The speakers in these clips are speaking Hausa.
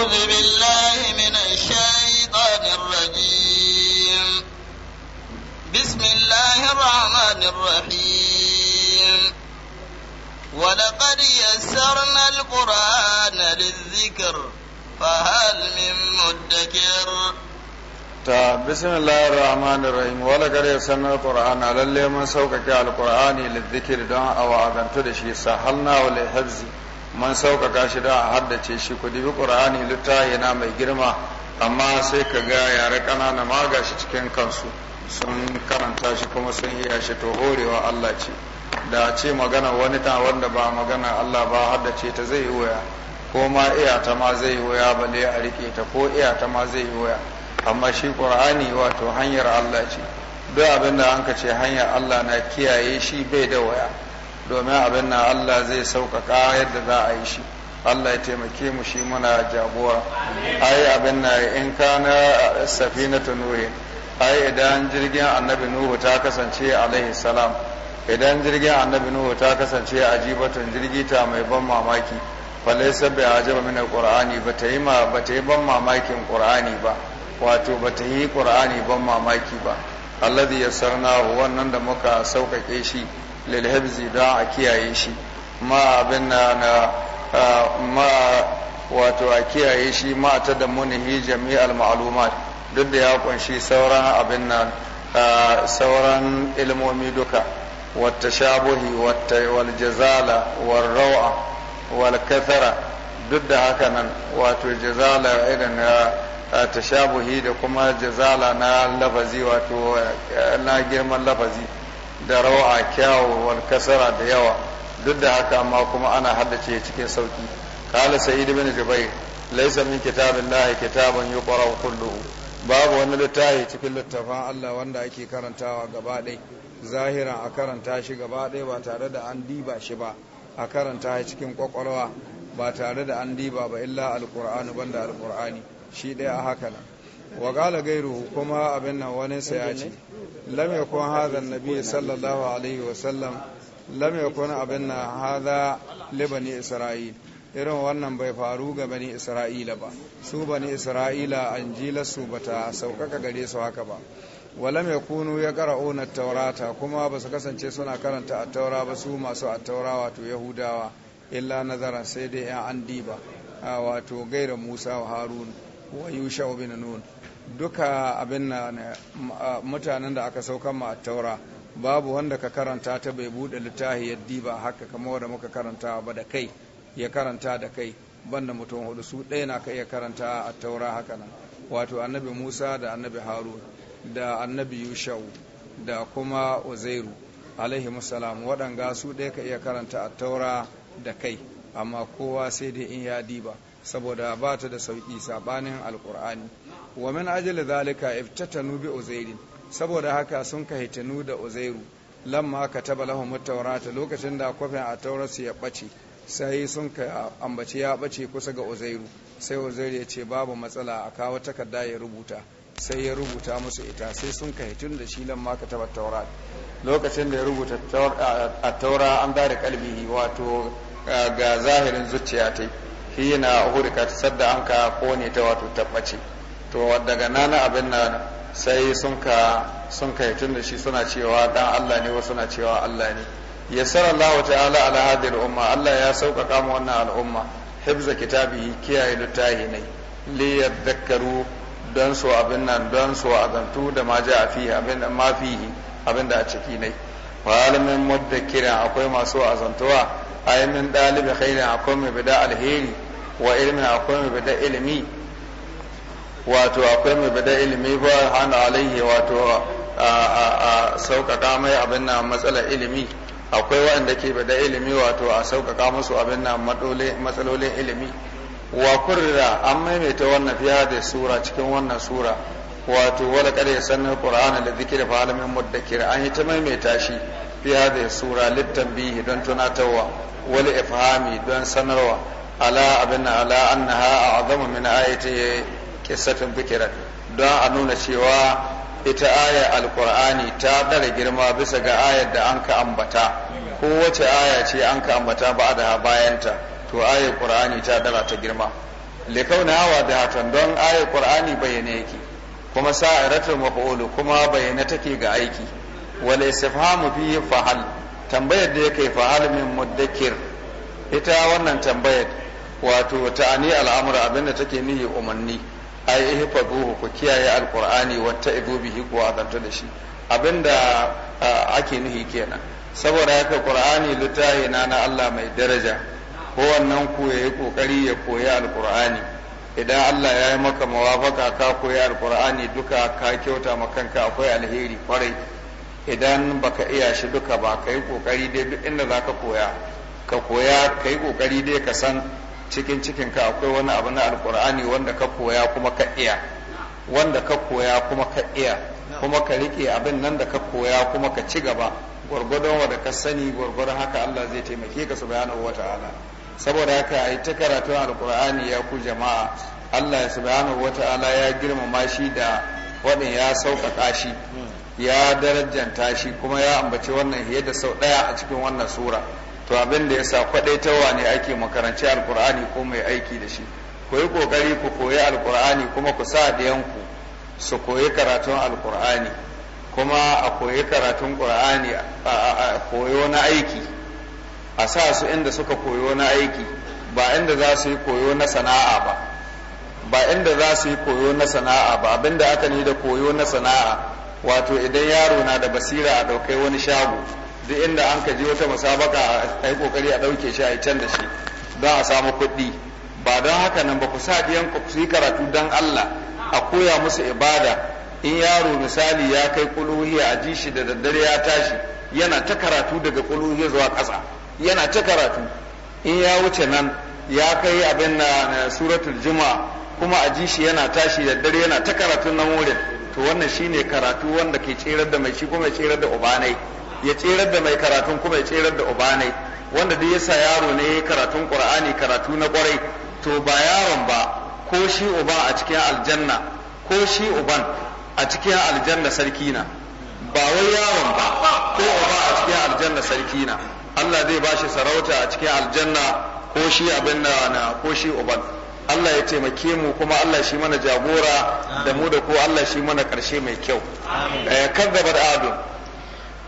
أعوذ بالله من الشيطان الرجيم بسم الله الرحمن الرحيم ولقد يسرنا القرآن للذكر فهل من مدكر بسم الله الرحمن الرحيم ولقد يسرنا القرآن اللي من سوقك على القرآن للذكر دعا وعظمت لشي سهلنا ولحفظه man sauƙaƙa shi da a haddace shi ku dubi ƙur'ani littafi na mai girma amma sai ka ga yare ƙanana maga shi cikin kansu sun karanta shi kuma sun iya shi to horewa Allah ce da ce magana wani ta wanda ba magana Allah ba haddace ta zai yi waya ko ma iya ta ma zai yi waya balle a riƙe ta ko iya ta ma zai yi waya amma shi ƙur'ani wato hanyar Allah ce duk abin da an ka ce hanyar Allah na kiyaye shi bai da waya domin abin na Allah zai sauƙaƙa yadda za a yi shi Allah ya taimake mu shi muna jagora ai abin na in na safinatu nuhi ai idan jirgin annabi nuhu ta kasance alaihi salam idan jirgin annabi nuhu ta kasance a ajibatun jirgi ta mai ban mamaki falaisa bai ajaba min alqur'ani ba ta yi ma ba ta yi ban mamakin qur'ani ba wato ba ta yi qur'ani ban mamaki ba alladhi yassarna wannan da muka sauƙaƙe shi lilhabzi don a kiyaye shi ma abin na na ma wato a kiyaye shi ma ta da munihi jami'al ma'lumat duk da ya kunshi sauran abin nan sauran ilmomi duka wata shabuhi wal jazala wal rawa wal kathara duk da haka nan wato jazala irin tashabuhi da kuma jazala na lafazi wato na girman lafazi da rawa kyawu wal kasara da yawa duk da haka amma kuma ana haddace cikin sauki kala sa'id ibn jubayr laysa min kitabillahi kitabun yuqra'u kulluhu babu wani littafi cikin littafan Allah wanda ake karantawa gaba ɗaya zahira a karanta shi gaba ba tare da an diba shi ba a karanta shi cikin kwakwalwa ba tare da an diba ba illa alqur'ani banda alqur'ani shi ɗaya a haka nan wa gairu kuma abin nan wani sai ya ce lam yakun sallallahu alaihi wa sallam ya kuma abin nan hadha li isra'il irin wannan bai faru ga bani isra'ila ba su bani isra'ila an anjila ba ta saukaka gare su haka ba walam kunu ya ona taurata kuma ba su kasance suna karanta a taura ba su masu a taura wato yahudawa illa nazara sai dai an diba wato gaira musa wa harun wa yusha bin nun duka abin na mutanen da aka saukan ma taura babu wanda ka karanta ta bai bude littafi yaddi ba haka kamar wanda muka karanta ba da kai ya karanta da kai banda mutum hudu su ɗaya na ka iya karanta a taura haka nan wato annabi musa da annabi harun da annabi yushau da kuma uzairu alaihi salam waɗanga su ɗaya ka iya karanta a taura da kai amma kowa sai dai in ya diba saboda ba ta da sauƙi saɓanin alƙur'ani wa min ajali zalika iftatanu bi ozairi saboda haka sun kai tanu da ozairu lamma taba lahum mutaura taurata lokacin da kofin a taurasi ya bace sai sun kai ambaci ya bace kusa ga ozairu sai ozairu ya ce babu matsala a kawo takarda ya rubuta sai ya rubuta musu ita sai sun kai tun da shi lamma ka taba taurat lokacin da ya rubuta a taura an gare kalbihi wato ga zahirin zuciya ta hina hurika sadda an ka kone ta wato tabbaci. to daga nana abin nan sai sun ka yi kai tun da shi suna cewa dan Allah ne wasu na cewa Allah ne Ya Allah ta'ala ala umma Allah ya sauƙaƙa mu wannan al'umma hibza kitabi kiyaye littahi ne li yadhakkaru don so abin nan don so azantu da ma ja fi abin ma fihi abin da a ciki ne fa alamin mudakkirin akwai masu azantuwa ayyamin dalibi khairin akwai mai bida alheri wa ilmin akwai mai bida ilimi wato akwai mai bada ilimi ba hana alaihi wato a sauƙaƙa mai abin na matsalar ilimi akwai waɗanda ke bada ilimi wato a sauƙaƙa musu abin na matsalolin ilimi wa kurra an maimaita wannan fiya da sura cikin wannan sura wato wala kada sannan sanar da zikir fa alamin muddakir an yi ta maimaita shi fiya da sura littanbihi don tunatarwa wal ifhami don sanarwa ala abin ala annaha a'zamu min ayati kisatun dhikrat don a nuna cewa ita ayar alkur'ani ta dare girma bisa ga ayar da an ka ambata kowace aya ce an ka ambata ba da bayanta to ayar qur'ani ta dara ta girma na hawa da hatan don ayar qur'ani bayyana yake kuma sa'iratul maf'ul kuma bayyana take ga aiki wale istifhamu fi fahal tambayar da yake fahal min muddakir ita wannan tambayar wato ta'ani al'amura abinda take nihi umarni ai ihfazuhu ku kiyaye alqur'ani wata ibu bihi ku azantu da shi abinda ake nuhi kenan saboda haka qur'ani littahi na na Allah mai daraja wannan ku yayi kokari ya koyi alqur'ani idan Allah ya yi maka mawafaka ka koyi alqur'ani duka ka kyauta ma kanka akwai alheri kwarai idan baka iya shi duka ba ka yi kokari dai duk inda zaka koya ka koya ka kokari dai ka san cikin ka akwai wani abu na alkur'ani wanda ka koya kuma ka iya wanda ka koya kuma ka iya kuma ka rike abin nan da ka koya kuma ka ci gaba gwargwadon wanda ka sani gwargwadon haka Allah zai taimake ka subhanahu wata'ala saboda haka ai ta karatun alkur'ani ya ku jama'a Allah subhanahu wata'ala ya girmama shi da wadin ya sauƙaƙa shi ya darajanta shi kuma ya ambaci wannan fiye da sau ɗaya a cikin wannan sura to abin da ya kwaɗai kwadaitawa ne ake makaranci alkur'ani ko mai aiki da shi ku yi ƙoƙari ku koyi alkur'ani kuma ku sa diyanku su koyi karatun alkur'ani kuma a koyi karatun ƙur'ani a koyo na aiki a sa su inda suka koyo na aiki ba inda za su yi koyo na sana'a ba ba inda za su yi koyo na sana'a ba abinda aka ni da koyo na sana'a wato idan yaro na da basira a ɗaukai wani shago duk inda an ka je wata musabaka a yi kokari a ɗauke shi a yi can da shi don a samu kuɗi ba don haka nan ba ku sa biyan ku su yi karatu don Allah a koya musu ibada in yaro misali ya kai kuluhi a ji shi da daddare ya tashi yana ta karatu daga kuluhi zuwa ƙasa yana ta karatu in ya wuce nan ya kai abin na suratul juma'a kuma a ji shi yana tashi da dare yana ta karatu nan wurin to wannan shine karatu wanda ke tserar da mai shi kuma ya tserar da ubanai ya tserar da mai karatun kuma ya tserar da ubanai wanda duk yasa yaro ne karatun qur'ani karatu na kwarai to ba yaron ba ko shi uba a cikin aljanna ko shi uban a cikin aljanna sarki na ba wai yaron ba ko uba a cikin aljanna sarki na Allah zai bashi sarauta a cikin aljanna ko shi abin na ko shi uban Allah ya taimake mu kuma Allah shi mana jagora da mu da ko Allah shi mana ƙarshe mai kyau. Eh, kan gaba da adon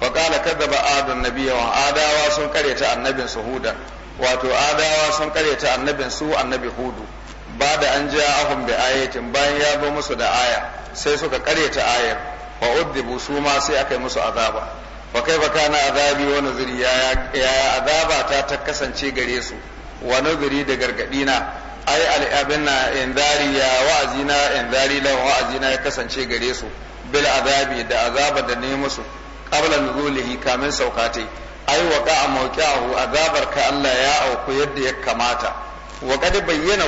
faƙala kazzaba adun nabiya wa adawa sun karyata annabin su huda wato adawa sun ta annabin su annabi hudu ba da an ja ahun bi ayatin bayan ya zo musu da aya sai suka ta ayar wa uddibu su ma sai aka yi musu azaba bakai baka na azabi wa nuzuri ya ya azaba ta ta kasance gare su wa nuzuri da gargadi na ai al'abin na inzari ya wa'azina ya kasance gare su bil azabi da azaba da ne musu qabla nuzulihi kamin saukate ai wa a mawqi'ahu azabar ka Allah ya auku yadda ya kamata wa qad bayyana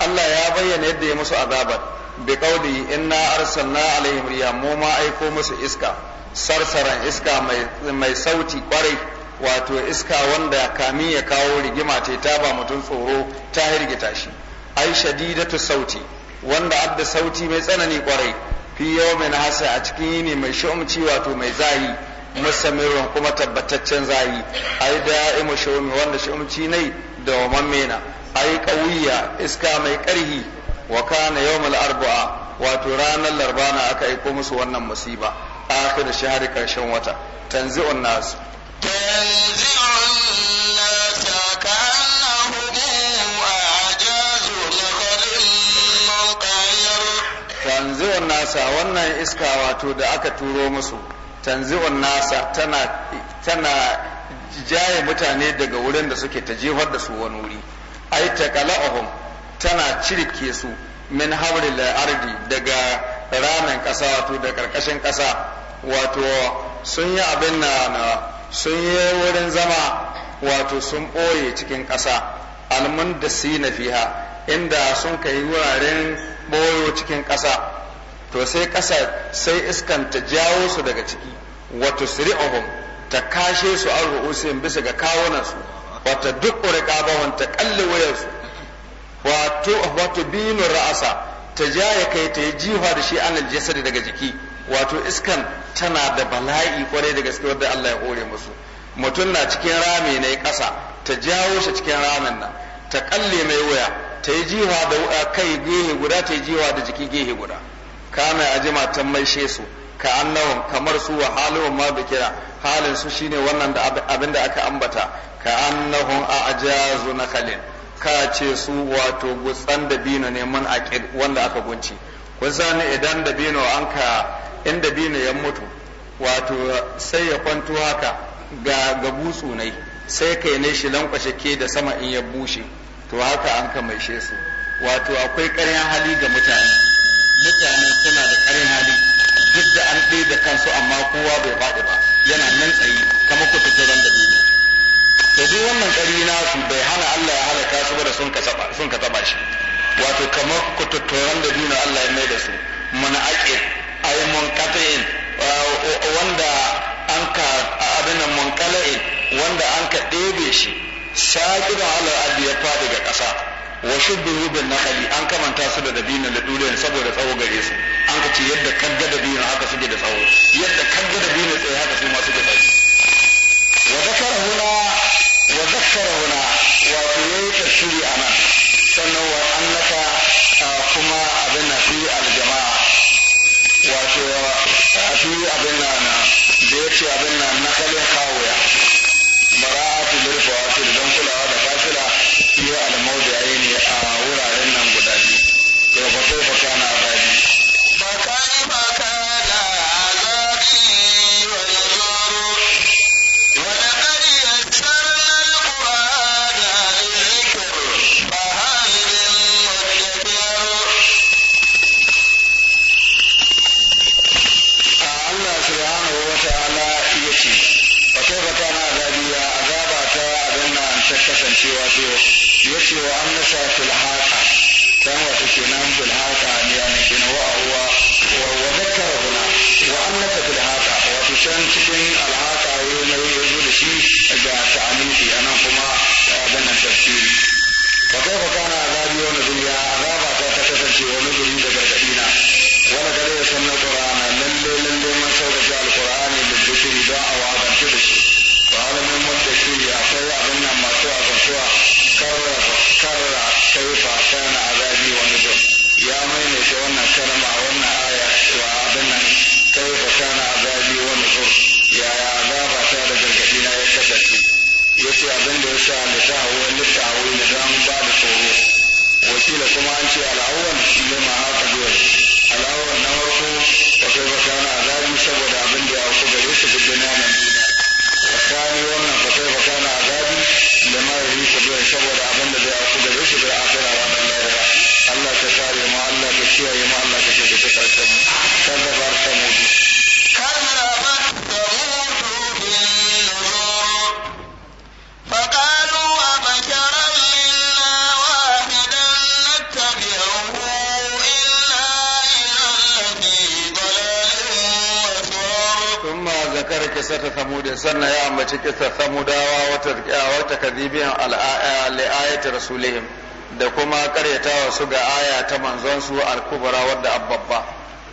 Allah ya bayyana yadda ya musu azabar bi qawli inna arsalna alaihim riya mu ma aiko musu iska sarsaran iska mai sauti kwarai wato iska wanda kamin ya kawo rigima ce ta ba mutum tsoro ta hirgita shi ai shadidatu sauti wanda adda sauti mai tsanani kwarai fi na hasa a cikin yini mai shumci wato mai zayi musamman kuma tabbataccen zayi ai da'imu shumi wanda shumci ne da mena, ai qawiya iska mai karhi wa kana yawmal arba'a wato ranar larbana aka aiko musu wannan musiba shi shahri karshen wata tanzi'un nas tanzi'un nas kana tanzi'un nasa wannan iska wato da aka turo musu tanzi'un nasa tana tana jaye mutane daga wurin da suke ta jefar da su wani wuri ai taqala'uhum tana cirke su min al ardi daga ranan kasa wato da karkashin kasa wato sun yi abin na sun yi wurin zama wato sun ɓoye cikin kasa almun da fiha inda sun kai wuraren boyo cikin ƙasa to sai ƙasa sai iskan ta jawo su daga ciki wato sri'uhum ta kashe su an ru'usin bisa ga kawunansu wata duk riqabahum ta wayar wayarsu wato wato binu ra'asa ta jaye kai ta yi jiwa da shi an jasadi daga jiki wato iskan tana da bala'i kwarai da gaske wadda Allah ya hore musu mutum na cikin rami ne ƙasa ta jawo shi cikin ramin nan ta kalle mai waya ta yi jiwa da kai gehe guda ta yi jiwa da jiki gehe guda kana a jima ta maishe su ka annawan kamar su wa halin ma bikira halin su shine wannan da abin da aka ambata ka annahun a ajazu na kalin ka ce su wato gutsan da bino ne man aqid wanda aka gunci kun sani idan da bino an ka inda bino ya mutu wato sai ya kwanto haka ga ga sai kai ne shi lankwashe ke da sama in ya bushe to haka an kamaishe su wato akwai ƙaryan hali ga mutane mutane suna da ƙaryan hali duk da an ɗaya da kansu amma kowa bai faɗi ba yana nan tsaye kamar ku ran da dini to duk wannan ƙari su bai hana Allah ya halaka su ba da sun ka taɓa shi wato kamar ku ran da dini Allah ya mai da su mana ake, ai mun katayin uh, wanda an ka abin nan mun wanda an ka ɗebe shi sajida ala ardi ya faɗi ga ƙasa wa shubbihu bin nakhli an kamanta su da dabina da duriyan saboda tsawo gare su an ka ce yadda kagga dabina haka suke da tsawo yadda kagga dabina tsaye haka su masu suke tsaye wa zakara huna wa zakara huna wato yayi tafsiri anan sannan wa annaka kuma abin na fi aljama'a wato a fi abin na da yace abin na nakhalin zakara kisata samudi sannan ya ambaci kisar samudawa wata wata kadhibiyan al'ayati rasulihim da kuma karyatawa su ga aya ta manzon su al-kubra wadda abbabba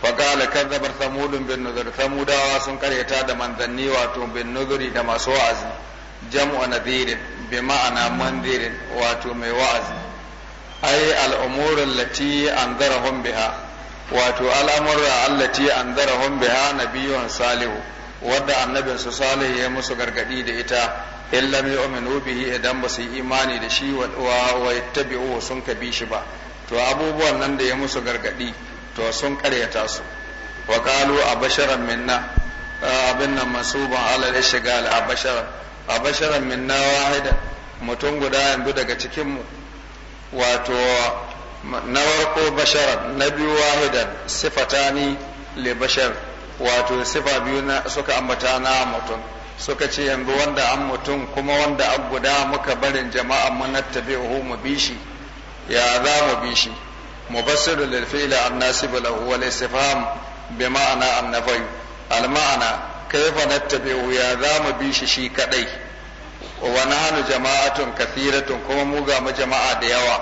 fa qala kadzabar samudun bin nuzur samudawa sun karyata da manzanni wato bin nuzuri da masu wa'azi jam'u nadhirin bi ma'ana mandirin wato mai wa'azi ay al-umurul lati anzarahum biha wato al'amurra allati anzarahum biha nabiyyun salihu wadda annabin su salihu ya musu gargadi da ita in mai aminu bihi idan ba su yi imani da shi wa wa yattabi'u sun bi shi ba to abubuwan nan da ya musu gargadi to sun karyata su wa qalu abasharan minna abin nan masuban ala al-ishgal a abasharan minna wahida mutum guda yanzu daga cikin mu wato na farko basharan na biyu wahidan sifatani li bashar wato sifa biyu na suka ambata na mutum suka ce yanzu wanda an mutum kuma wanda an guda muka barin jama'a mu nattabi'uhu mu bishi. ya za mu bishi. mubassiru lil fi'li nasibu lahu wal istifham bi ma'ana annafayu al ma'ana kayfa nattabi'uhu ya za mu bishi shi kadai wa nahnu jama'atun kathiratun kuma mu ga mu jama'a da yawa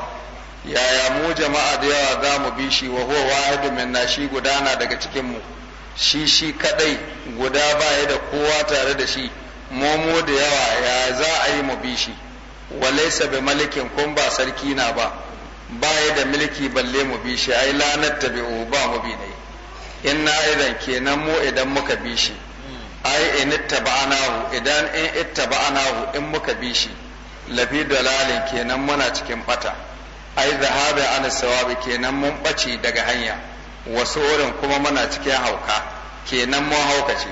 yaya mu jama'a da yawa za mu bishi shi wa huwa wahidun minna shi gudana daga cikin mu shi shi kadai guda baya da kowa tare da shi momo da yawa ya za a yi mu bi shi walaisa bi malikin kun ba sarki na ba baya da mulki balle mu bi shi ai lanar tabi'u ba mu bi dai in na idan kenan mu idan muka bi shi ai in ittaba'anahu idan in ittaba'anahu in muka bi shi lafi dalalin kenan muna cikin bata ai zahabi an sawabi kenan mun bace daga hanya wasu wurin kuma muna cikin hauka kenan mun haukace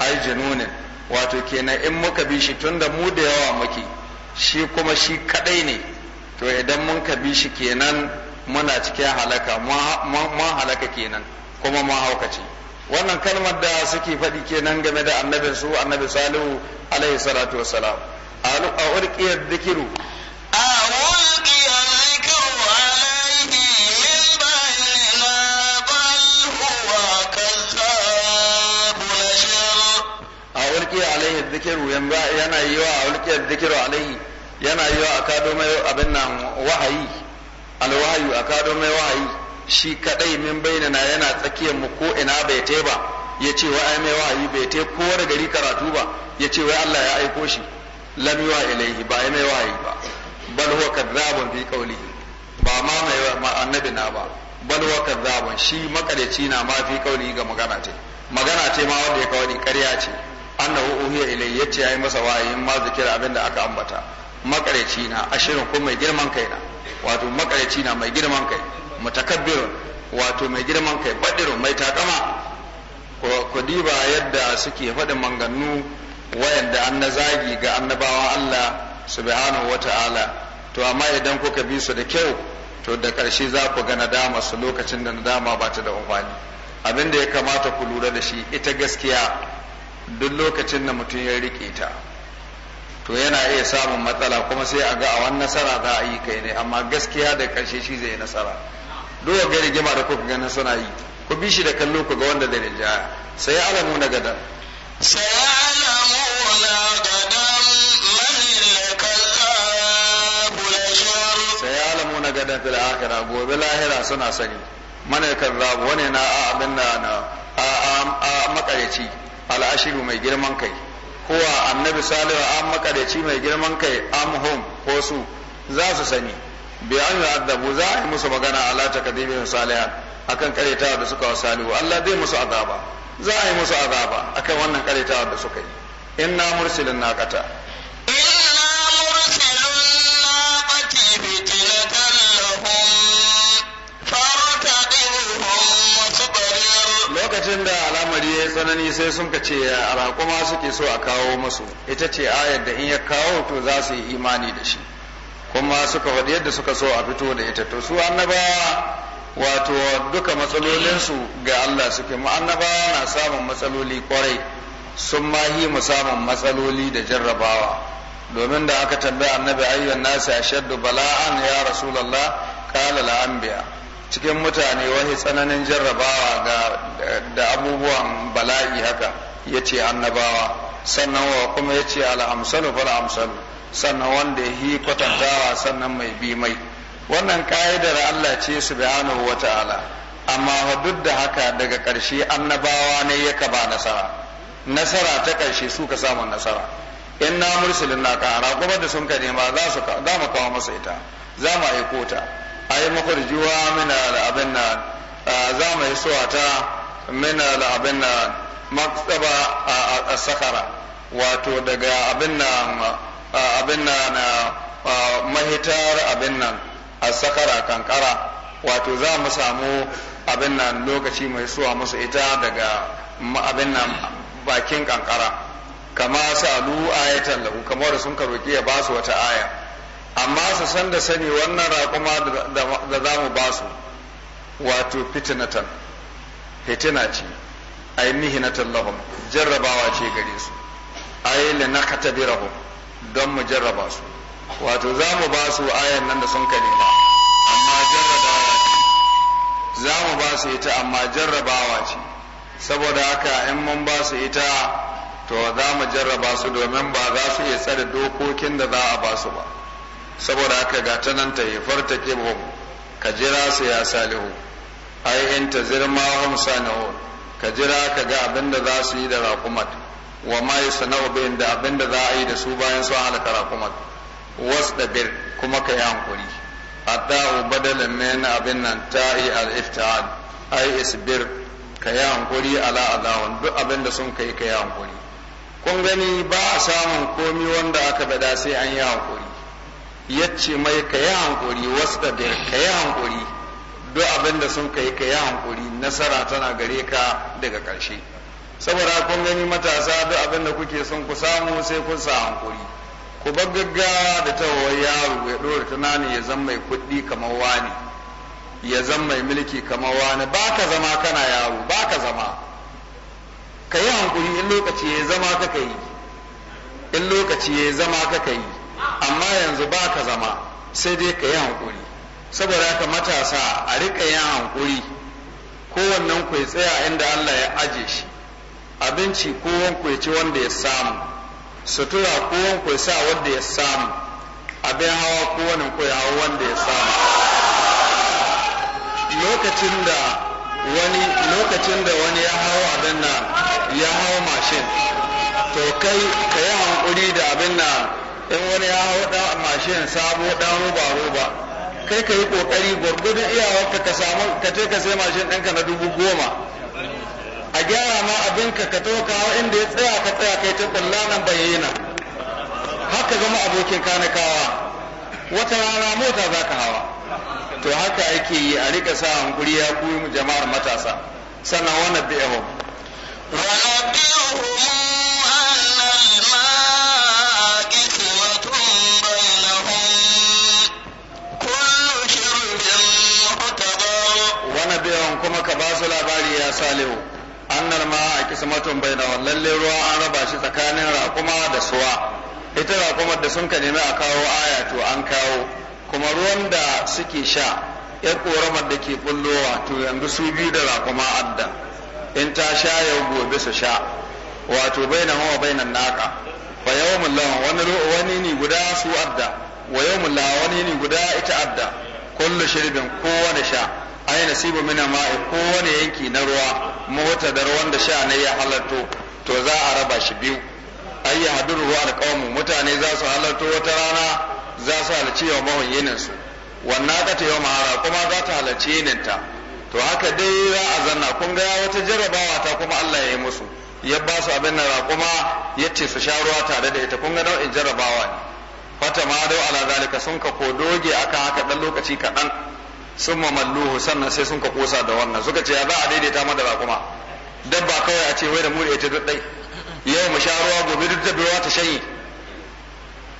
ai jununin wato kenan in muka bi shi tunda mu da yawa muke shi kuma shi kadai ne to idan mun ka bi shi kenan muna cikin halaka mun halaka kenan kuma mun haukace wannan kalmar da suke faɗi kenan game da annabin su annabi salihu alaihi salatu wassalam a ulqiyar dikiru a ulki alaihi dhikru yamba yana yi wa ulki dhikru alaihi yana yi wa akado mai abin nan wahayi alwahayu akado mai wahayi shi kadai min na yana tsakiyar mu ko ina bai tai ba yace wa ai mai wahayi bai tai ko wani gari karatu ba yace wai Allah ya aiko shi lam yuwa ilaihi ba ai mai wahayi ba bal huwa kadzabun fi qawlihi ba ma mai annabi na ba bal huwa kadzabun shi makalaci na ma fi qawli ga magana ce magana ce ma wanda ya ni ƙarya ce annahu uhiya ilai yace yayi masa wa'ayin ma zikira abinda aka ambata makareci na ashirin ko mai girman kai na wato makareci na mai girman kai mutakabbir wato mai girman kai badiru mai takama ku diba yadda suke faɗin manganu wayanda an na zagi ga annabawan Allah subhanahu wata'ala to amma idan kuka bi su da kyau to da ƙarshe za ku ga nadama su lokacin da nadama ba ta da amfani abinda ya kamata ku lura da shi ita gaskiya duk lokacin da mutum ya rike ta to yana iya samun matsala kuma sai a ga a wani nasara za a yi kai ne amma gaskiya da ƙarshe shi zai nasara duk ga rigima da kuka ganin suna yi ku bi shi da kallo ku ga wanda da rija sai alamu na gada sai alamu na gadan sai alamu na gadan fil akhirah gobe lahira suna sani manal rabu wani na a abin na a makareci al'ashiru mai girman kai kowa annabi salihu an makadaci mai girman kai amhum ko su za su sani bi an yu'adabu za a yi musu magana ala takdibin salihan akan karetawa da suka wa salihu Allah zai musu azaba za a yi musu azaba akan wannan karetawa da suka yi in na mursilin naqata lokacin da al'amari ya yi tsanani sai sun ka ce kuma suke so a kawo masu ita ce ayar da in ya kawo to za su yi imani da shi kuma suka faɗi yadda suka so a fito da ita to su annabawa wato duka matsalolinsu ga Allah suke mu annabawa na samun matsaloli kwarai sun mahi mu samun matsaloli da jarrabawa domin da aka tambaya annabi ayyuan nasi ashaddu bala'an ya rasulullah qala biya cikin mutane wani tsananin jarrabawa da abubuwan bala'i haka ya ce annabawa sannan wa kuma ya ce al'amsalu fal amsalu sannan wanda ya yi kwatantawa sannan mai bi mai wannan ka'idar Allah ce su subhanahu wa ta'ala amma duk da haka daga ƙarshe annabawa ne ya kaba nasara nasara ta ƙarshe su ka samu nasara in na mursulin na ƙara kuma da sun ka nema za mu kawo masa ita za mu aiko ta ai makurjuwa min al'abin nan za mu yi suwata min al'abin nan maktaba a sakara wato daga abin nan abin nan mahitar abin nan a sakara kankara wato za mu samu abin nan lokaci mai suwa musu ita daga abin nan bakin kankara kama salu ayatan lahu kamar sun karoki ya basu wata aya amma su san da sani wannan raƙuma da za mu ba su wato fitinatan fitina ce ai na lahum jarrabawa ce gare su na linakatabirahum don mu jarraba su wato za mu ba su ayan nan da sun ka ba amma jarrabawa ce za mu ba su ita amma jarrabawa ce saboda haka in mun ba su ita to za mu jarraba su domin ba za su iya tsare dokokin da za a ba su ba saboda haka ga ta nan ta hifar ta ke ka jira su ya salihu ai in ta zirma hum sanahu ka jira ka ga abin da za su yi da rakumat wa ma yusna'u bin da abin da za a yi da su bayan su halaka rakumat Bir kuma ka yi hankuri u badalan min abin nan ta yi al iftihad ai isbir ka yi hankuri ala adawun duk abin da sun kai ka yi hankuri kun gani ba a samun komi wanda aka bada sai an yi hankuri ya ce mai ka yi hankuri wasu da ka yi hankuri duk abin da sun kai ka yi hankuri nasara tana gare ka daga ƙarshe saboda kun gani matasa duk abin da kuke son ku samu sai kun sa hankuri ku bar gaggawa da tawar yaro ya dora tunani ya zama mai kuɗi kamar wani ya zama mai mulki kamar wani ba ka zama kana yaro ba ka zama ka yi hankuri in lokaci ya zama kaka in lokaci ya zama kaka yi amma yanzu ba ka zama sai dai ka yi hankuri saboda haka matasa a riƙa yin hankuri kowannan kwai tsaya inda Allah ya aje shi abinci kowan ku ci wanda ya samu sutura kowan ku sa wanda ya samu abin hawa kowane kwai hawa wanda ya samu lokacin da wani lokacin da wani ya hawa abin nan ya hawa mashin to kai ka yi hankuri da abin nan in wani ya hau da mashin sabo da roba roba kai ka yi ƙoƙari gwargwadon iyawarka ka samu ka ce ka sai mashin ɗinka na dubu goma a gyara ma abinka ka to ka hau inda ya tsaya ka tsaya kai ta ƙulla nan bayyana haka zama abokin kanikawa wata rana mota za ka hawa to haka yake yi a rika sa hankuri ya ku jama'ar matasa sannan wannan bi'ahum wa'aqihu ya salihu annal ma a kismatun bai da lalle ruwa an raba shi tsakanin raƙuma da suwa ita raƙumar da sun ka nemi a kawo aya to an kawo kuma ruwan da suke sha ya ƙoramar da ke bullowa to yanzu su biyu da raƙuma adda in ta sha yau gobe su sha wato bai na hawa bai na naka wa yau wani wani ne guda su adda wa yau wani ne guda ita adda kullu shirbin kowane sha ai nasibu mina ma'i wani yanki na ruwa mota da ruwan da sha ne ya halarto to za a raba shi biyu ai ya haduru alqawmu mutane za su halarto wata rana za su halarci wa mahoyinin su wannan ka ta yau mahara kuma za ta halarci yininta to haka dai za a zanna kun ga wata jarrabawa ta kuma Allah ya yi musu ya ba su abin nan kuma ya ce su sha ruwa tare da ita kun ga nau'in jarrabawa ne fata ma dau ala zalika sun ka ko doge akan haka dan lokaci kaɗan sun mamalluhu sannan sai sun ka kosa da wannan suka ce ya za a daidaita mada ba kuma dabba kawai a ce wai da mure ta dai yau mu sha gobe duk dabewa ta shayi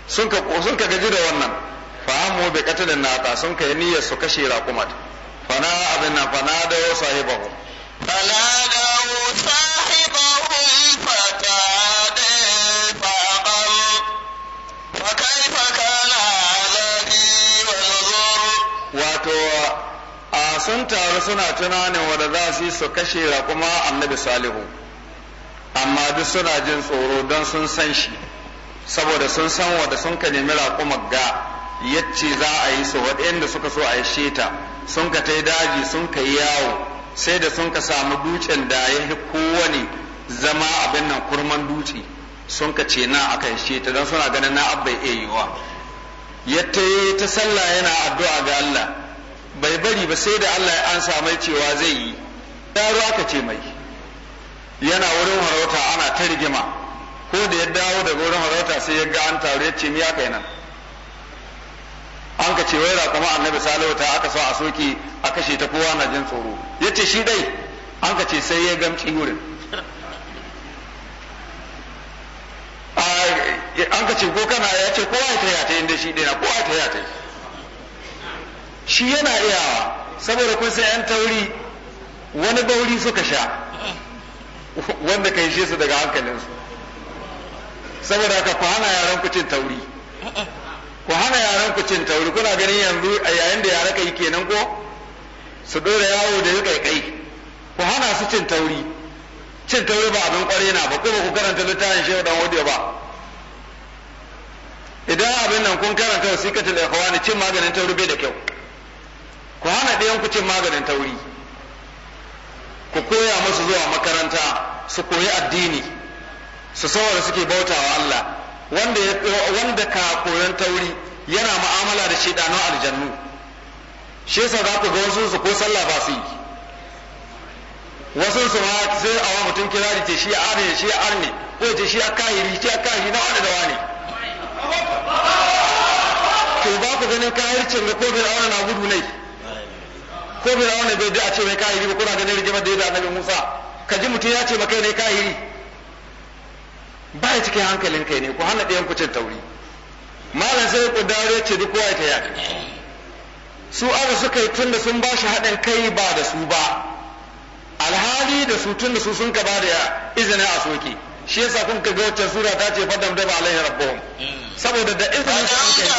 sun ka sun ka gaji da wannan fa amu bi qatlin nata sun kai niyyar su kashe raqumat fana abin nan fana da sahibahu fana da sun taru suna tunanin wanda za su yi su kashe raƙuma annabi salihu amma duk suna jin tsoro don sun san shi saboda sun san wanda sun ka nemi raƙumar ga yacce za a yi su waɗanda suka so a yi sheta sun ka tai daji sun ka yi yawo sai da sun ka samu dutsen da ya fi kowane zama abin nan kurman dutse sun ka ce na aka yi sheta don suna ganin na abba ya yiwa ya ta sallah yana addu'a ga Allah bai bari ba sai da Allah ya ansa mai cewa zai yi yaro aka ce mai yana wurin harauta ana ta rigima ko da ya dawo daga wurin harauta sai ya ga an taru ya ce miya kai nan an ka ce wai kuma annabi salihu ta aka so a soke a kashe ta kowa na jin tsoro ya ce shi dai an ka ce sai ya gamci wurin an ka ce ko kana ya ce kowa ya ta yata inda shi ɗaya kowa ya ta yata shi yana iyawa saboda kun sai yan tauri wani bauri suka sha wanda ka shi su daga hankalinsu saboda ka ku hana yaran ku cin tauri ku hana yaran ku cin tauri kuna ganin yanzu a yayin da yara kai kenan ko su dora yawo da kai ku hana su cin tauri cin tauri ba abin kware na ba kuma ku karanta littafin shehu dan wadiya ba idan abin nan kun karanta wasiqatul ikhwani cin maganin tauri bai da kyau ku hana ɗayan ku cin maganin tauri ku koya musu zuwa makaranta su koyi addini su da suke bautawa Allah wanda wanda ka koyon tauri yana mu'amala da shedanon aljannu shi yasa za ku ga wasu su ko sallah ba su yi wasu su ma sai a wa mutum kira ce shi arne shi arne ko ce shi kahiri shi kahiri na wani da wani to ba ku ganin kahircin da ko bai na gudu ne ko fir'auna bai ji a ce mai kahiri ba kuna ganin rigimar da ya da annabi Musa ka ji mutum ya ce maka ne kahiri ba ya cikin hankalin kai ne ku hana ɗayan kucin tauri malam sai ku dawo ya ce duk kowa ta yaƙi su aka suka yi tun da sun ba shi haɗin kai ba da su ba alhali da su tun da su sun ka ba da izinin a soke shi yasa kun ka ga wancan sura ta ce fadam da ba alaihi rabbuhum saboda da izinin su suka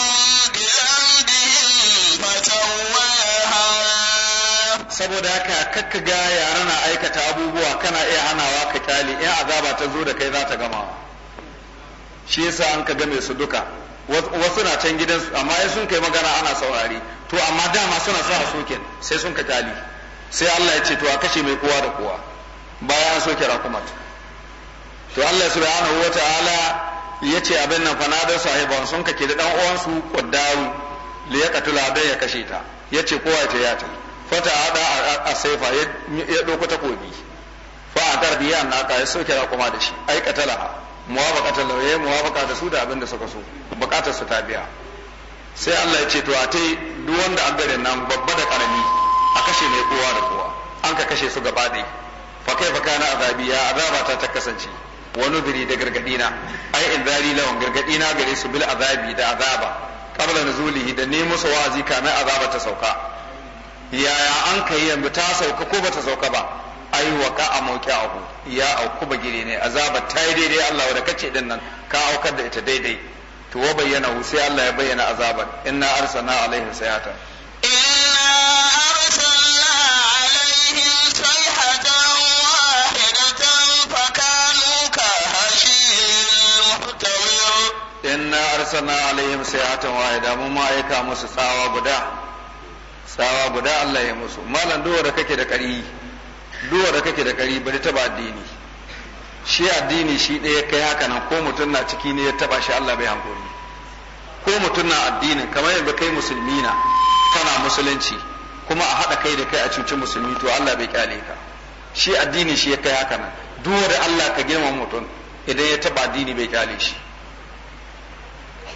yi saboda haka kakka ga yara na aikata abubuwa kana iya hanawa ka tali in azaba ta zo da kai za ta gama shi yasa an ka game su duka wasu na can gidan su amma in sun kai magana ana saurari to amma dama suna sa a soke sai sun ka tali sai Allah ya ce to a kashe mai kowa da kowa bayan an soke rakumat to Allah subhanahu wataala ya ce abin nan fa da sahiban sun ka da dan uwansu qaddaru li yaqtula bai ya kashe ta yace kowa ya ta fata hada a saifa ya ɗauko takobi fa a tarbi ya ka ya soke kuma da shi aikata laha muwafaka ta ya muwafaka da su da abin da suka so bukatar su ta biya sai Allah ya ce to a te duk wanda an garin nan babba da karami a kashe ne kowa da kowa an ka kashe su gaba ɗaya fa kai fa kana azabi ya azaba ta ta kasance wani biri da gargadina ai in zari lawan gargadina gare su bil azabi da azaba qabla nuzulihi da ne musu wa'azi kana azaba ta sauka yaya an ka yi yanzu ta sauka ko bata sauka ba ai waka a mauki abu ya auku ba gire ne azaba ta yi daidai Allah da kace din nan ka aukar da ita daidai to wa bayyana hu sai Allah ya bayyana azaban inna arsalna alaihim sayata inna arsalna alaihim sayhatan wahidatan fakanu ka hashil inna arsalna alaihim sayhatan musu tsawa guda tsawa guda Allah ya musu malam duwa da kake da ƙari duwa da kake da ƙari bari taba addini shi addini shi ɗaya kai haka nan ko mutum na ciki ne ya taba shi Allah bai hankuri ko mutum na addini kamar yadda kai musulmi na kana musulunci kuma a haɗa kai da kai a cuci musulmi to Allah bai kyale ka shi addini shi ya kai haka nan duwa da Allah ka girma mutum idan ya taba addini bai kyale shi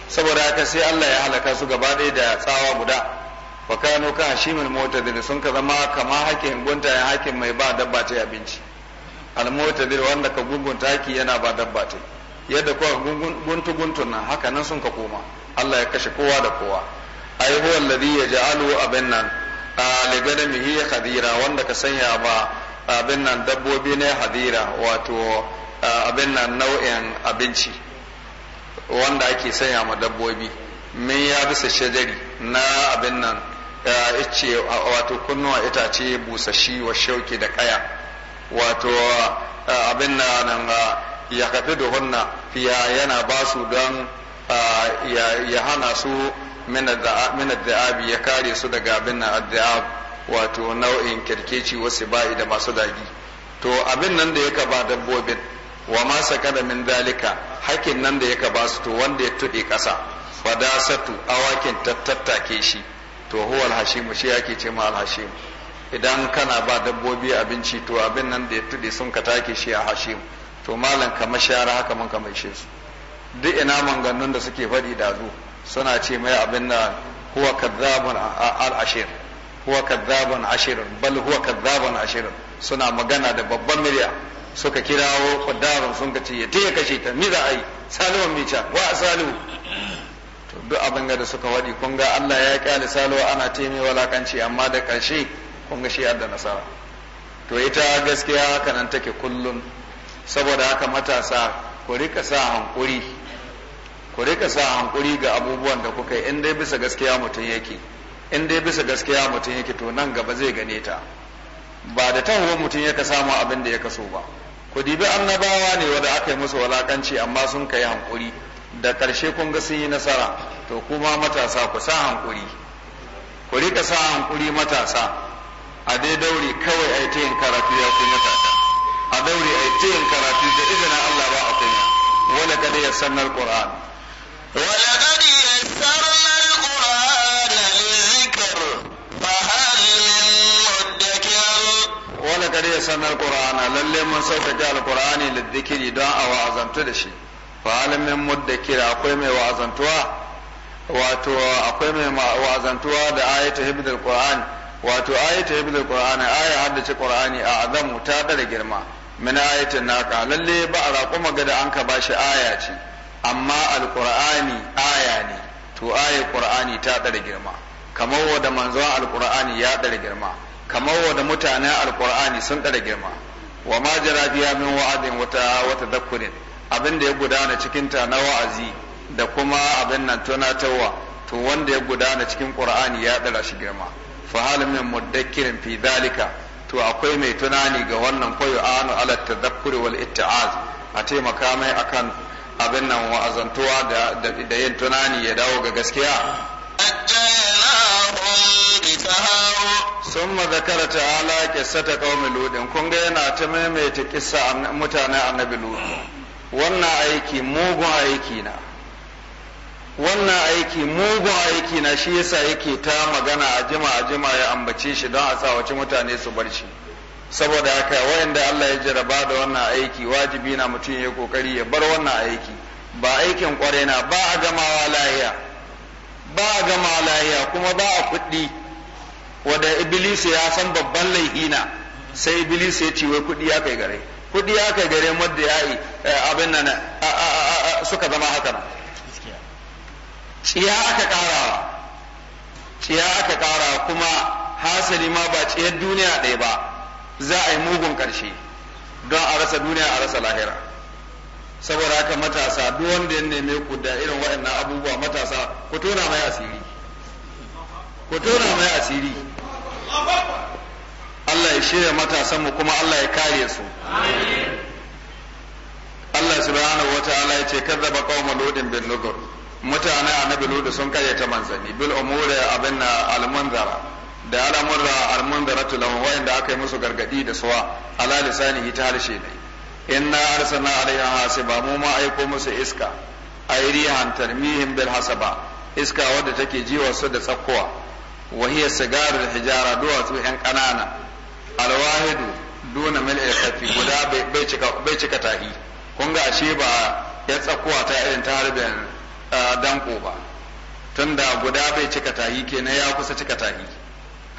saboda haka sai Allah ya halaka su gaba ɗaya da tsawa guda fa shi ka mota mutadil sun ka zama kama hakin gunta ya hakin mai ba dabba ta abinci al mutadil wanda ka gungunta haki yana ba dabba ta yadda kuwa guntu guntun nan haka nan sun ka koma Allah ya kashe kowa da kowa ai huwa alladhi yaj'alu abin nan li ganamihi hadira wanda ka sanya ba abin nan dabbobi ne hadira wato abin nan nau'in abinci wanda ake sanya ma dabbobi min ya bisa shajari na abin nan ice wato kunnuwa itace busashi wa shauki da kaya wato abin nan ya kafi hunna fiya yana su don ya hana su min ya kare su daga abin nan da'ab wato nau'in kirkeci wasu ba'i da masu dagi to abin nan da yaka ba dabbobin wa ma da min dalika hakin nan da yaka ba su to wanda ya tuɗe ƙasa fadasatu awakin tattattake shi to huwa alhashimu shi yake ce ma alhashimu idan kana ba dabbobi abinci to abin nan da ya tudi sun ka take shi a hashimu to malam ka mashara haka mun ka shi su duk ina manganun da suke faɗi da zu suna ce mai abin da huwa kadzabun al-ashir huwa kadzabun ashir bal huwa kadzabun ashir suna magana da babban murya suka kirawo kudarun sun ka ce ya taya kashe ta ni za a yi salihu mai wa Salimu. duk abin da suka wadi kun ga Allah ya kyale salo ana ce mai walakanci amma da ƙarshe kun ga shi da nasara to ita gaskiya haka nan take kullum saboda haka matasa ku rika sa hankuri ku rika sa hankuri ga abubuwan da kuka yi in dai bisa gaskiya mutum yake in dai bisa gaskiya mutum yake to nan gaba zai gane ta ba da taho mutum yaka samu abin da ya kaso ba ku dibi annabawa ne wanda aka yi musu walakanci amma sun kai hankuri da ƙarshe kun ga sun yi nasara to kuma matasa ku sa hankuri ku rika sa hankuri matasa a dai daure kawai a yi karatu ya fi matasa a daure a yi karatu da izinin Allah ba a kunya Wani kada ya sannar Qur'an Wani kada ya sannar Qur'an A fa hal min mudakkir wala da ya lalle mun sauƙaƙe don a wa'azantu da shi falamin muddakir akwai mai wa'azantuwa wato akwai mai wa'azantuwa da ayatu hibdul qur'an wato ayatu hibdul qur'an aya haddace qur'ani a azamu ta dare girma min ayatin naqa lalle ba a raƙo magana an ka bashi aya ce amma alqur'ani aya ne to ayat qur'ani ta dare girma kamar wanda manzon alqur'ani ya dare girma kamar wanda mutanen alqur'ani sun dare girma wa ma jara biya min wa'adin wata wata dakkurin abin da ya gudana cikin ta na wa'azi da kuma abin nan tunatarwa to wanda ya gudana cikin qur'ani ya ɗara shi girma fa hal min mudakkirin fi dalika to akwai mai tunani ga wannan koyo anu ala tadhakkuri wal itti'az a taimaka mai akan abin nan wa'azantuwa da yin tunani ya dawo ga gaskiya sun zakara ala kissa ta kawo lodin kun ga yana ta maimaita kissa mutanen annabi lodin wannan aiki mugun aiki na wannan aiki mugun aiki na shi yasa yake ta magana a jima a jima ya ambace shi don a sa wace mutane su bar shi saboda haka wayanda Allah ya jaraba da wannan aiki wajibi na mutum ya kokari ya bar wannan aiki ba aikin kwarai na ba a gamawa lahiya ba a gama lahiya kuma ba a kuɗi wanda iblis ya san babban laifi na sai iblis ya ce wai kuɗi ya kai gare kuɗi ya kai gare wadda ya yi eh, abin nan suka zama haka nan ciya aka ƙara ciya aka karawa kuma hasali ma ba ciyar duniya ɗaya ba za a yi mugun ƙarshe don a rasa duniya a rasa lahira saboda haka matasa duk wanda ya neme ku da irin waɗannan abubuwa matasa ku tona mai asiri ku tona mai asiri Allah ya shirya matasanmu kuma Allah ya kare su Allah subhanahu wata'ala ya ce kazzaba qauma ludin bin nudur mutane annabi ludu sun kare ta manzani bil umuri abinna al munzara da al'amurra al munzaratu lahum wa'inda aka yi musu gargadi da suwa ala lisanihi ta harshe ne inna arsalna alaiha hasiba mu ma aiko musu iska ay rihan tarmihim bil hasaba iska wadda take jiwa su da tsakkowa wa hiya hijara duwatsu yan ƙanana alwahidu duna mil kafi guda bai cika tahi kun ga ashe ba ya tsakuwa ta irin ta uh, danko ba tunda guda bai cika tahi kenan ya kusa cika tahi